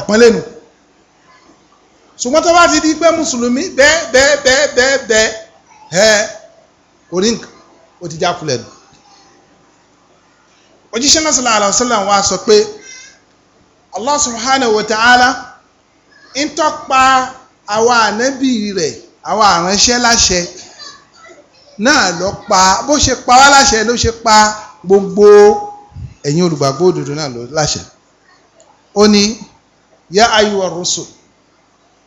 àpọ́nlé nu ṣùgbọ́n tó bá ti di pé mùsùlùmí bẹ́ẹ̀ bẹ́ẹ̀ bẹ́ẹ̀ bẹ́ẹ̀ bẹ́ẹ̀ ẹ̀ orí nǹkan ó ti já kulẹ̀ nù òjíṣẹ́ náà sallallahu alaihi wasallam wa sọ pé Allah subhanahu wa ta'ala ń tọ́pa àwa ànábì rẹ̀ àwa àránṣẹ́ láṣẹ náà lọ pa bó ṣe pa wá láṣẹ ló ṣe pa gbogbo ẹ̀yin olùgbàgbọ́ òdodo náà lọ láṣẹ ó ní yá ayuwa rusul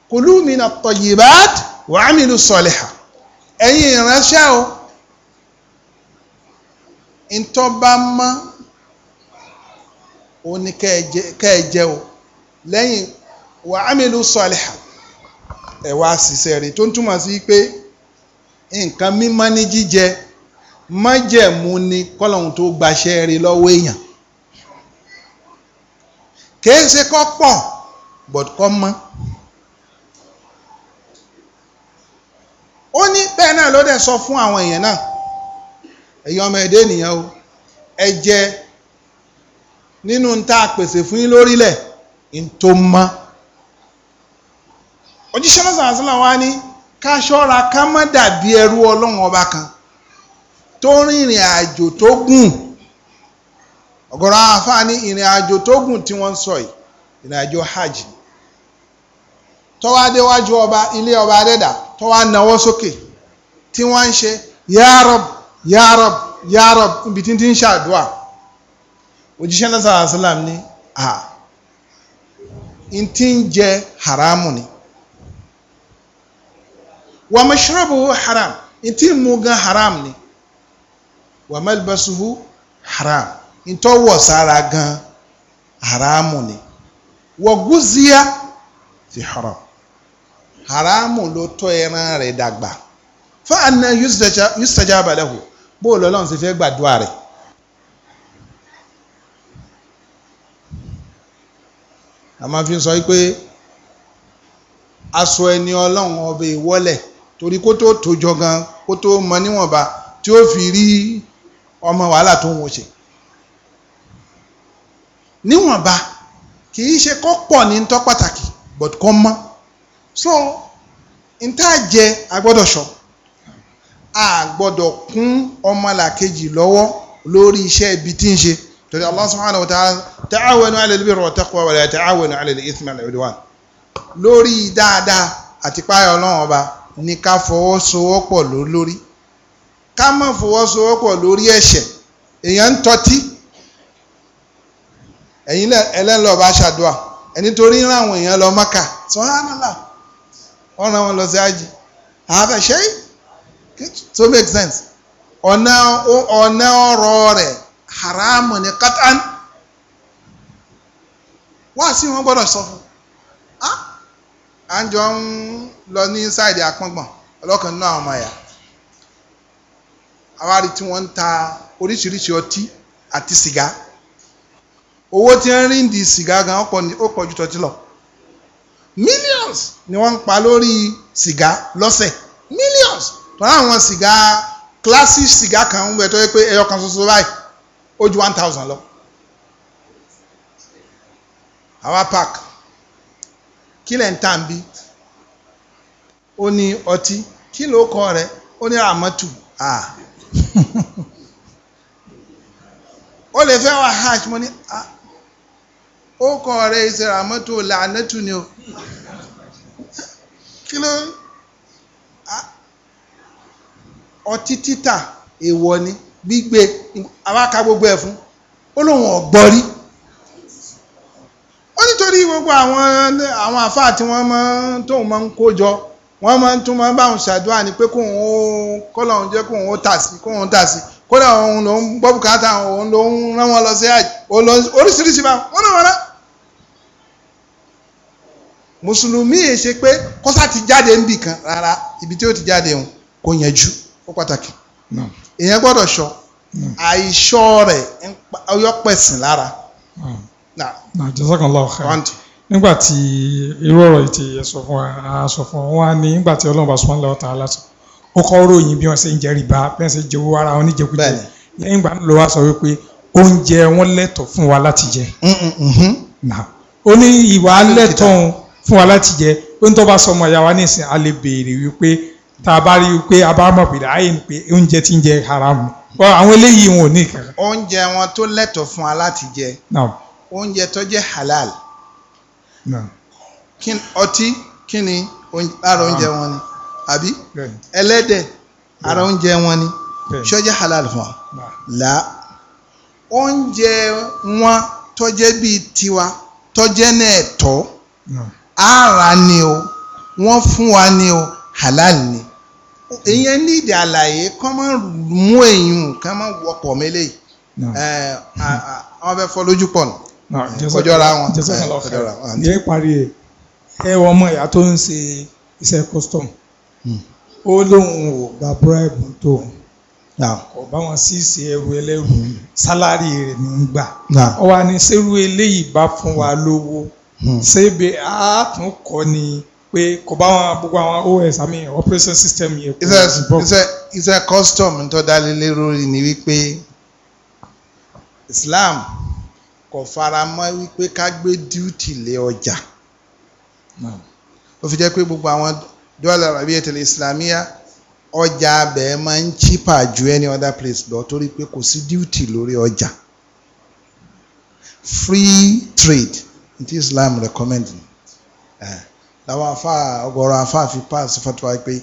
kulu mina tayyibat wa amilu saliha ẹ̀yin ìránṣẹ́ o ntọ́ba mọ́ ó kẹ́ ẹ jẹ o lẹ́yìn wà ámìlú sọlẹ̀hà ẹ̀ wá ṣiṣẹ́ rẹ̀ tó ń túmọ̀ sí pé nǹkan mímọ́ ní jíjẹ májẹ̀mú ni kọ́lọ́hún tó gbaṣẹ́ rẹ̀ lọ́wọ́ èèyàn kìí ṣe kọ́ pọ̀ but kọ́ mọ́. ó ní bẹ́ẹ̀ náà ló dẹ̀ sọ fún àwọn èèyàn náà ẹ̀yin ọmọ ẹ̀dẹ́ ènìyàn o ẹ jẹ nínú ń tá pèsè fún yín lórílẹ̀ ń tó mọ́ òjíṣẹ́ náà sàásìlà wa ní ká ṣọ́ra ká má dàbí ẹrú ọlọ́run ọba kan tó rìnrìn àjò tó gùn ọ̀gọ̀rọ̀ àáfàá ní ìrìn àjò tó gùn tí wọ́n ń sọ yìí ìrìn àjò hajj tó wá déwájú ọba ilé ọba adẹ́dà tó wá sókè tí wọ́n ń ṣe yárọ̀b yárọ̀b yárọ̀b ibi tí ti ń ṣàdúà òjíṣẹ́ náà ní à ń ti ń jẹ haramu ni wa mashrabuhu haram nti mu gan haram ni wa malbasuhu haram ntọ́ wọ̀ sára gan haramu ni wa guzia fi haram haramu ló tọ́ ẹran rẹ̀ dàgbà fa anna yustajaba lahu bó o lọ́lọ́run sì fẹ́ gbàdúrà rẹ̀. a máa fi sọ pé aṣọ ẹni ọlọ́run ọba ìwọ́lẹ̀ torí kó tó tójọ gan kó tó mọ níwọ̀nba tí ó fi rí ọmọ wàhálà tó ń wọ́n ṣe níwọ̀nba kì í ṣe kó pọ̀ ní tọ́ pàtàkì but kó mọ́ so n tá a jẹ a gbọ́dọ̀ ṣọ́ a gbọ́dọ̀ kún ọmọlàkejì lọ́wọ́ lórí iṣẹ́ ibi tí ń ṣe torí Allah subhanahu wa ta'ala ta'awanu 'ala al-birri wa taqwa wa la ta'awanu 'ala al-ithmi wal lórí dáadáa àti páyọ̀ ọlọ́run ọba ni ká fọwọ́sowọ́pọ̀ lórí ká má fọwọ́sowọ́pọ̀ lórí ẹ̀ṣẹ̀ èèyàn ń tọ́tí ẹ̀yin ẹlẹ́lọ́ọ̀ bá ṣàdúrà ẹni torí ń ráwọn èèyàn lọ Mákà sọ́hánàlá ọ̀ràn wọn lọ sí àjì àfẹ̀ṣẹ́ so make sense ọ̀nà ọ̀nà ọ̀rọ̀ rẹ̀ haramu ni kátán wá sí wọn gbọ́dọ̀ sọ fún ah à ń jọ ń lọ ní sáìdì àpọ́ngbọ̀n ọlọ́kan nínú àwọn ọmọ ẹ̀yà àwa rí tí wọ́n ń ta oríṣiríṣi ọtí àti sìgá owó tí ń rí di sìgá gan ó pọ̀ ju tọ́tí lọ millions ni wọ́n ń pa lórí sìgá lọ́sẹ̀ millions tó láwọn sìgá classic sìgá kan ń bẹ tó yẹ pé ẹyọ kan ṣoṣo báyìí ó ju one thousand lọ àwa park kí lẹ̀ ń tà ń bí ó ní ọtí kí ló kọ rẹ ó ní àmọ́tù à ó lè fẹ́ wá hash mo ní ó kọ rẹ ìṣe àmọ́tù làánẹ́tù ni o kí ló ọtí títà èèwọ̀ ni gbígbé àwa ka gbogbo ẹ̀ fún ó lóun ọ̀gbọ́n rí nítorí gbogbo àwọn àwọn àfáà tí wọ́n máa ń tóun máa ń kó jọ wọ́n máa ń tún máa ń báwọn ṣàdúrà ni pé kóun ó kọ́lọ́hún jẹ́ kóun ó tà sí kóun ó tà sí kódà òun ló ń gbọ́ bùkátà òun ló ń rán wọn lọ sí àjì òun ló ń oríṣiríṣi bá wọn náà wọn náà. mùsùlùmí yìí ṣe pé kọ́sà ti jáde níbì kan rárá ibi tí ó ti jáde òun kò yẹjú ó pàtàkì èèyàn gbọ́dọ̀ ṣọ́ àìṣọ́ rẹ̀ ọyọ́ pẹ̀sìn lára na
jazakallahu khairan nígbà tí irú ọ̀rọ̀ ìtì ẹ̀sọ̀ fún wa sọ fún wa ní nígbà tí ọlọ́run bá sọ wọn lọ́wọ́ tá a lásọ ó kọ́ ròyìn bí wọ́n ṣe ń jẹ rìbá bí wọ́n ṣe ń jẹwọ́ ara wọn níjẹkújẹ lẹ́yìn ìgbà náà ló wá sọ wípé oúnjẹ wọn lẹ́tọ̀ọ́ fún wa láti jẹ ó ní ìwà lẹ́tọ̀ọ́ fún wa láti jẹ ó ní tó bá sọmọ ìyá wa ní a lè béèrè wípé tá a bá rí wípé a bá mọ̀ pèlè àyè pé oúnjẹ ti ń jẹ haram àwọn eléyìí wọn ò ní ìkàrà.
oúnjẹ wọn tó lẹ́tọ̀ọ́ fún wa láti jẹ. náà oúnjẹ tó jẹ́ halal ọtí kí ni ara oúnjẹ wọn ni àbí ẹlẹ́dẹ̀ ara oúnjẹ wọn ni ṣó jẹ́ halal fún wa là oúnjẹ wọn tó jẹ́ bíi tiwa tó jẹ́ náà tọ́ ara ni o wọ́n fún wa ni o halal ni èyàn ní ìdí àlàyé kọ́ máa mú èyàn kọ́ máa wọpọ̀ mélèé wọ́n fẹ́ fọ́ lójú pọ̀ nù kọjọra wọn eh, kọjọra
wọn. ìyẹn parí ẹ e. ẹ wọ ọmọ ìyá tó ń ṣe iṣẹ́ custom hmm. ó lóun ò gba búráìbù tó kò bá wọn sí ìṣe ẹrù ẹlẹ́rù hmm. sálárì rẹ̀ ní í gbà ọ wà ní sẹ́rù eléyìí bá fún wa lówó hmm. ṣébi àtúnkọ́ ni pé kò bá wọn gbogbo àwọn os àmì operation system yẹn. iṣẹ́
iṣẹ́ iṣẹ́ custom tó dá lé lórí ni wípé Islam kò fara mọ́ wípé ká gbé díútì lé ọjà hmm. ó fi jẹ́ pé gbogbo àwọn dọ́là rabi ètò islamia ọjà abẹ máa ń chípà ju any other place lọ torí pé kò sí díútì lórí ọjà free trade tí islam recommend eh, làwọn afa ọ̀gọ̀rọ̀ afa fi pass fatuwa pé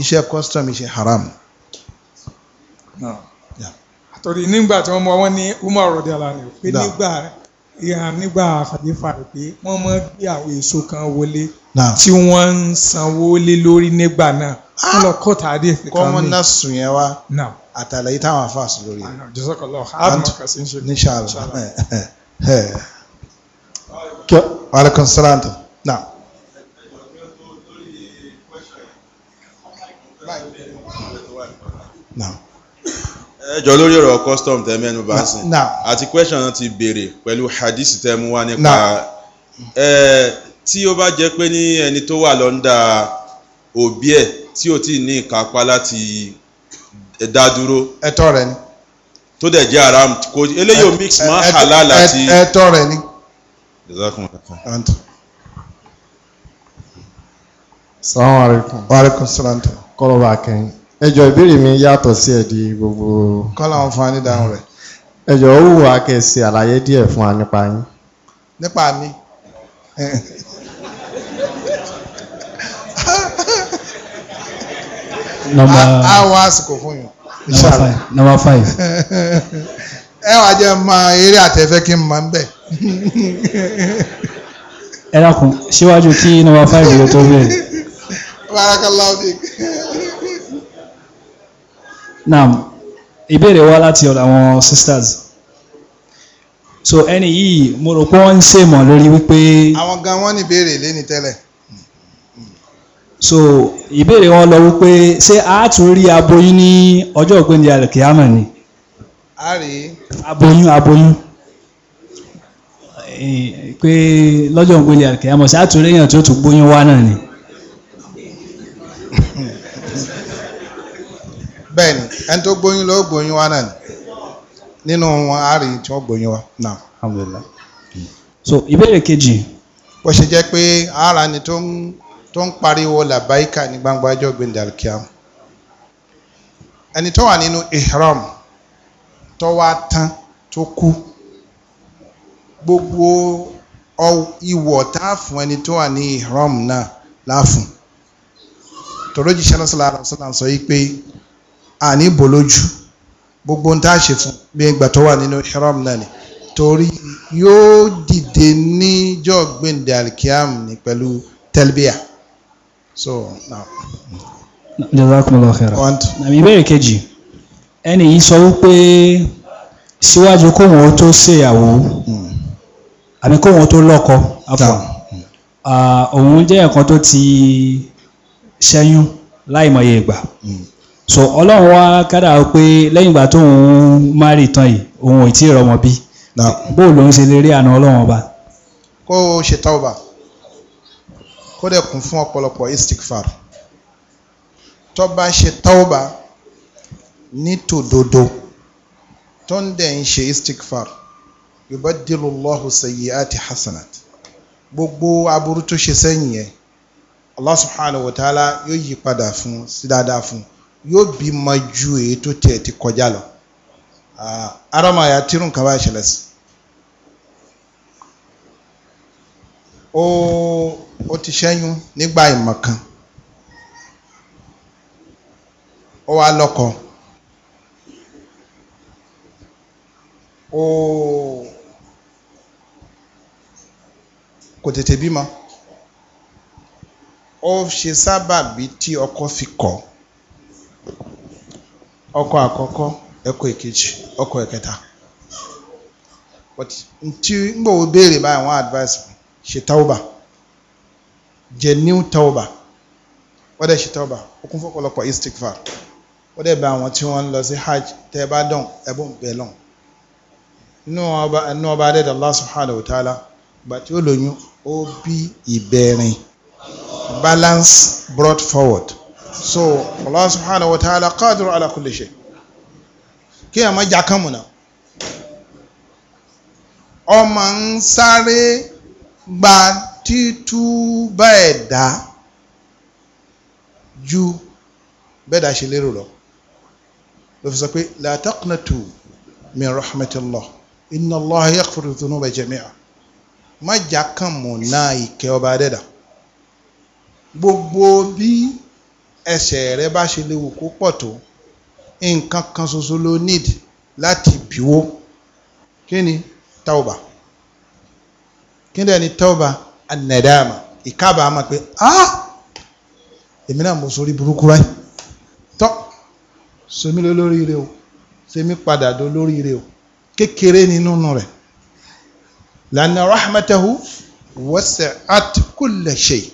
iṣẹ́ custom iṣẹ́ haram.
No. Hmm torí nígbà tí wọ́n mọ wọ́n ní Umar rọ̀dẹ̀lá ni pé nígbà ìhàn nígbà àfàdífà rẹ̀ pé wọ́n mọ gbé àwọn èso kan wọlé tí wọ́n ń sanwó lé lórí nígbà náà ah! wọ́n lọ kọ́ tàdé
kan ní. kọ́mọ náà sùn yẹn wá
àtàlàyé táwọn afáàsì lórí rẹ̀. Ah, jọ́sọ̀kọ̀lọ́ àbùkàsí
ń ṣe. níṣàlọ́ alaikum salaam tó na. na ẹjọ lórí ọ̀rọ̀
custom tẹ mẹ́nu bá sìn àti question náà ti béèrè pẹ̀lú hadisi tẹ mú wá nípa ẹ tí ó bá jẹ́ pé ní ẹni tó wà lọ́ndà òbí ẹ̀ tí ò tí ì ní ìkápá
láti dá dúró. ẹ̀tọ́ rẹ̀ ni. tó dẹ̀ jẹ́ haram kò eléyìí ò mix mọ́ halal àti. ẹ̀tọ́ rẹ̀ ni.
salaam aleykum. wa salaam. kọ́lọ́ bá a ẹjọ ìbéèrè mi yàtọ̀ sí ẹ̀dí gbogbo.
kọ́lá wọn fún wa ní ìdáhùn rẹ̀.
ẹjọ
ó wù wá kẹ́ àlàyé díẹ̀ fún wa nípa yín. nípa mi. a
wọ àsìkò fún yín. number five. ẹ wàá jẹ́ mọ eré àtẹ̀fẹ́ kí n mọ̀ ń bẹ̀. ẹ dákun síwájú kí number five yóò tó bẹ̀rẹ̀. barakallahu dik.
Naam ìbéèrè wá láti ọ̀dọ̀ àwọn sisters so ẹni yìí mo rò pé wọ́n ń ṣèmọ̀ lórí wípé.
àwọn gan wọn ní ìbéèrè lẹ́ni tẹ́lẹ̀.
so ìbéèrè wọn lọ wípé ṣé a tún rí aboyún ní ọjọ́ ògbéǹde alkiyama ni.
a rí. aboyún
aboyún pé lọ́jọ́ ògbéǹde alkiyama ṣé a tún rí èèyàn tó tún gbóyún wá náà ni.
bẹ́ẹ̀ ẹni tó gbóyún ló gbóyún wa náà nínú wọn á rí tí wọ́n gbóyún wa náà. alhamdulilayi so ìbéèrè kejì. bó ṣe jẹ́ pé ara ni tó ń tó ń pariwo làbáyíkà ní ẹni tó wà nínú ihram tó wá tán gbogbo ìwọ̀ tá a fún ẹni tó wà ní ihram náà láàfún tòrójì àrùn sọ pé àní bò lójú gbogbo ń tá a ṣe fún bí ìgbà tó wà nínú ihram náà ni torí yóò dìde níjọ́ gbẹ̀ǹdẹ̀ alikiam ni pẹ̀lú tẹlbíà so now.
jazakumullahu khairan nàbí ìbéèrè kejì ẹni yìí sọ wípé síwájú kóhun ó tó ṣèyàwó hmm. àbí kóhun ó tó lọ́kọ afọ òun jẹ́ ẹ̀kan tó ti ṣẹ́yún láìmọye ìgbà. Hmm so ọlọ́run wá kádà pé lẹ́yìn ìgbà tó òun márì tán yìí òun ò tí ì rọmọ bí bó lòun ṣe lè rí àna ọlọ́run ọba.
kó o ṣe tauba kó dẹ̀ kún fún ọ̀pọ̀lọpọ̀ istikfar tó bá ṣe tauba ní tòdodo tó ń dẹ̀ ń ṣe istikfar yubaddilu Allahu sayyiati hasanat gbogbo aburú tó ṣe sẹ́yìn yẹn Allah subhanahu wa ta'ala yóò yí padà fún sí dáadáa fún un yóò bímọ ju èyí tó tiẹ̀ ti kọjá lọ aramaya tirun kaba ìṣẹ̀lẹ̀ sí. O ó ti ṣẹ́yún nígbà ìmọ̀kan ó wá lọ́kọ ó kò tètè bímọ ó ṣe sábàbí tí ọkọ fi kọ̀ Ọkọ akọkọ, ẹkọ èkejì ọkọ ẹ̀kẹta but tí ngbò wo béèrè àwọn advice mi ṣe tauba jẹ new tauba ṣe kún istikfar wọ́n bẹ àwọn tí lọ sí hajj tẹ́ ẹ bá dán bẹ́ẹ̀ lọ́n inú ọba adẹ́dàá Allah subhanahu wa ta'ala ó lóyún balance brought forward. so allah subhanahu wa ta'ala qadir ala kulli shay kí ẹ má jà kánmùnà ọmọ ń sáré gba títú bẹ́ẹ̀ dá ju bẹ́ẹ̀ dá ṣe lérò lọ ló fi sọ pé la taqnatu min rahmatillah inna allah yaghfiru dhunuba jami'a má jà kánmùnà ìkẹ́ ọba adẹ́dà gbogbo bíi ẹsẹ̀ rẹ bá ṣe léwu kó pọ̀ tó nǹkan kan ṣoṣo ló need láti bíwó kí ni tauba kí ni ẹni tauba anadama ìkábàámà pé ah èmi náà mo sori burúkú ráì tọ́ sèmi ló lóríire o sèmi padà ló lóríire o kékeré nínú rẹ̀ lànà rahmatahu wasi'at kulla shay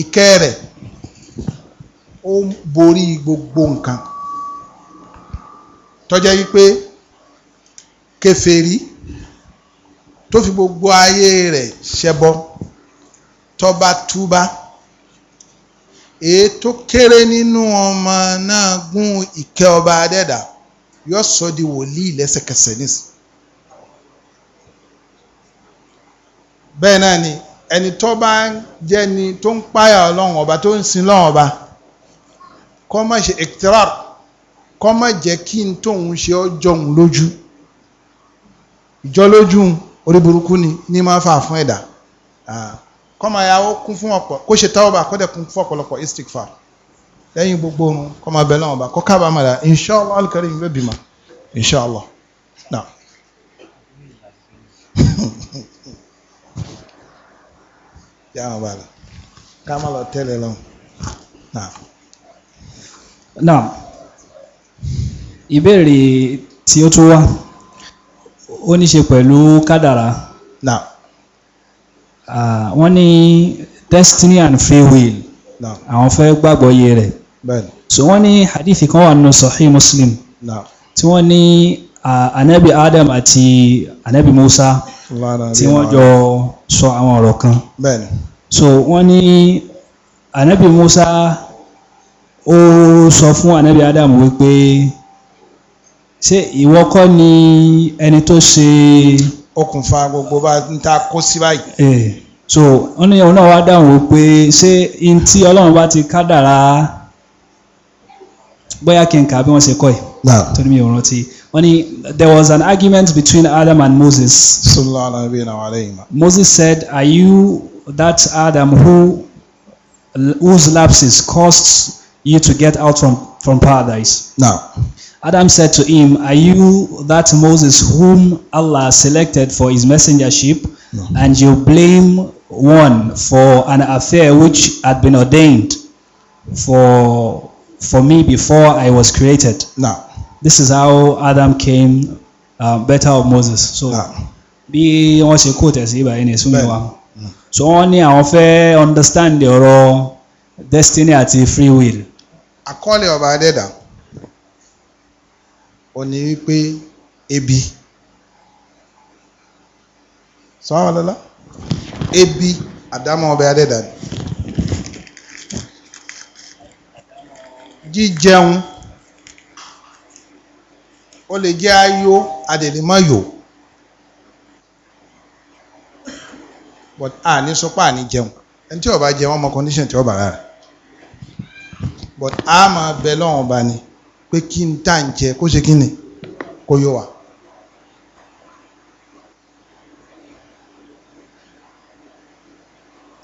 ìkẹ́ rẹ̀ ó ń borí gbogbo nǹkan tọ́jẹ́ wípé kèfèrí tó fi gbogbo ayé rẹ̀ ṣẹbọ tọ́ba túbá èyí tó kéré nínú ọmọ náà gún ìkẹ́ ọba adẹ́dà yóò sọ di wòlíì lẹ́sẹ̀kẹsẹ̀ nísìn. bẹ́ẹ̀ náà ni ẹni tó bá jẹ́ ni tó ń páyà ọlọ́run ọba tó ń sin lọ́run ọba kọ́ má ṣe ectirar kọ́ má jẹ́ kí n tóun ṣe ọ́ jọun lójú ìjọ lójú orí burúkú ni ní máa fà fún ẹ̀dá kọ́ máa yàwó kún fún ọ̀pọ̀ kó ṣe tawba kó dẹ̀ kún fún ọ̀pọ̀lọpọ̀ istikfar lẹ́yìn gbogbo oorun kọ́ máa bẹ̀rẹ̀ ọ̀bà kọ́ kábàámà rà inshallah al-karim yóò bímọ inshallah náà. yàrá bàrà ká má lọ tẹ́lẹ̀ lọ náà
now ìbéèrè tí ó tún wá ó ní ṣe pẹ̀lú kádàrá now wọ́n ní destiny and free will now àwọn fẹ́ gbàgbọ́ iye rẹ̀ bẹ́ẹ̀ni so wọ́n ní hadith kan wà nínú sahih muslim now tí wọ́n ní anabi adam àti anabi musa tí wọ́n jọ sọ àwọn ọ̀rọ̀ kan bẹ́ẹ̀ni so wọ́n ní anabi musa ó sọ fún ànábì Adam wípé ṣé ìwọ kọ́ ni ẹni tó ṣe.
okùnfà gbogbo bá ń ta kó sí
báyìí. so wọn ní òun náà dáhùn wípé ṣé n tí Ọlọ́run bá ti kádàrá bóyá kí n kà bí wọ́n ṣe kọ́ ẹ̀. torí mi ò rántí wọ́n ní there was an argument between Adam and Moses. sallallahu alayhi wa sallam. Moses said are you that Adam who whose lapses costs?" you to get out from, from paradise. Now, Adam said to him, Are you that Moses whom Allah selected for his messengership, no. and you blame one for an affair which had been ordained for, for me before I was created? Now, this is how Adam came uh, better of Moses. So, bí wọ́n ṣe kó tẹ̀sí ibà yìí ni súnmi wa so wọ́n ní àwọn fẹ́ understand ọ̀rọ̀ destiny àti free will.
àkọọ́lẹ̀ ọba adẹ́dà ó ní wípé ebi sọ́wọ́n lọ́lá ebi àdámọ́ ọba adẹ́dà ni jíjẹun ó lè jẹ́ ayó adèlémọ́yò but a ní sọpá àní jẹun ẹni tí ó bá jẹun ọmọ condition tí ó bá rárá. but a máa bẹ lọ́wọ́n ọba ni pé kí n tà ń jẹ kó ṣe kí ni kó yọ wá.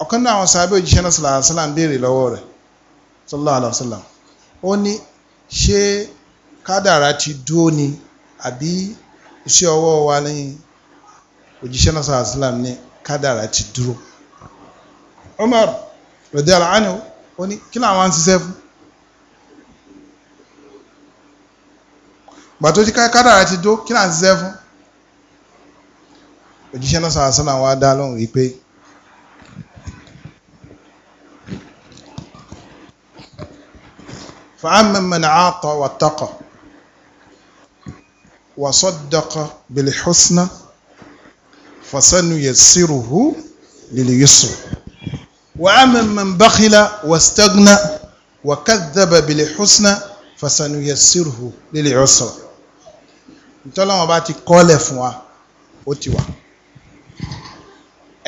ọ̀kan náà àwọn sábẹ́ òjíṣẹ́ náà sallallahu alaihi ń béèrè lọ́wọ́ rẹ̀ ó ní ṣé kádàrá ti dúró ni àbí iṣẹ́ ọwọ́ wa ní òjíṣẹ́ náà ní ti dúró. ó ní kí ń gbàtó tí kádàrá ti dó kí náà ṣiṣẹ́ fún òjíṣẹ́ náà sọ̀rọ̀ sọ́nà wa dá lóhùn wípé فأما من أعطى واتقى وصدق بالحسنى فسنيسره لليسر وأما من بخل واستغنى وكذب بالحسنى فسنيسره للعسر ntọ́lọ́wọ́n bá ti kọ́lẹ̀ fún wa ó ti wà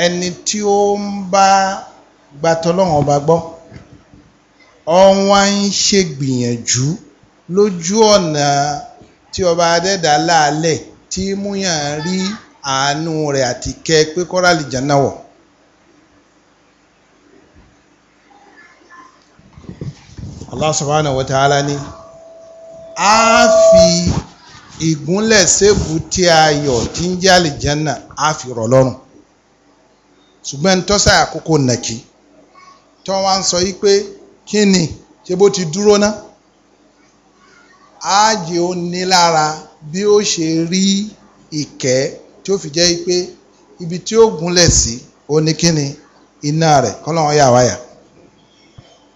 ẹni tí ó ń bá gba tọ́lọ́wọ́n ọba gbọ́ ọwọ́n ń ṣègbìyànjú lójú ọ̀nà tí ọba adẹ́dà láàlẹ̀ tí múyàn rí àánú rẹ̀ àti kẹ́ pé kọ́rálì jẹ́nà wọ̀. Allah subhanahu wa ta'ala ni a fi ìgúnlẹ̀ sébù tí a yọ̀ tí ń jẹ́ àlìjánà á fi rọ̀ lọ́rùn ṣùgbọ́n ẹni tọ́sà àkókò nàkí tí wọ́n wá ń sọ yí pé kí ni ṣé bó ti dúró ná ààyè ó ní lára bí ó ṣe rí ìkẹ́ tí ó fi jẹ́ pé ibi tí ó gúnlẹ̀ sí ó ní kí ni iná rẹ̀ kọ́lọ́wọ́n yà wáyà.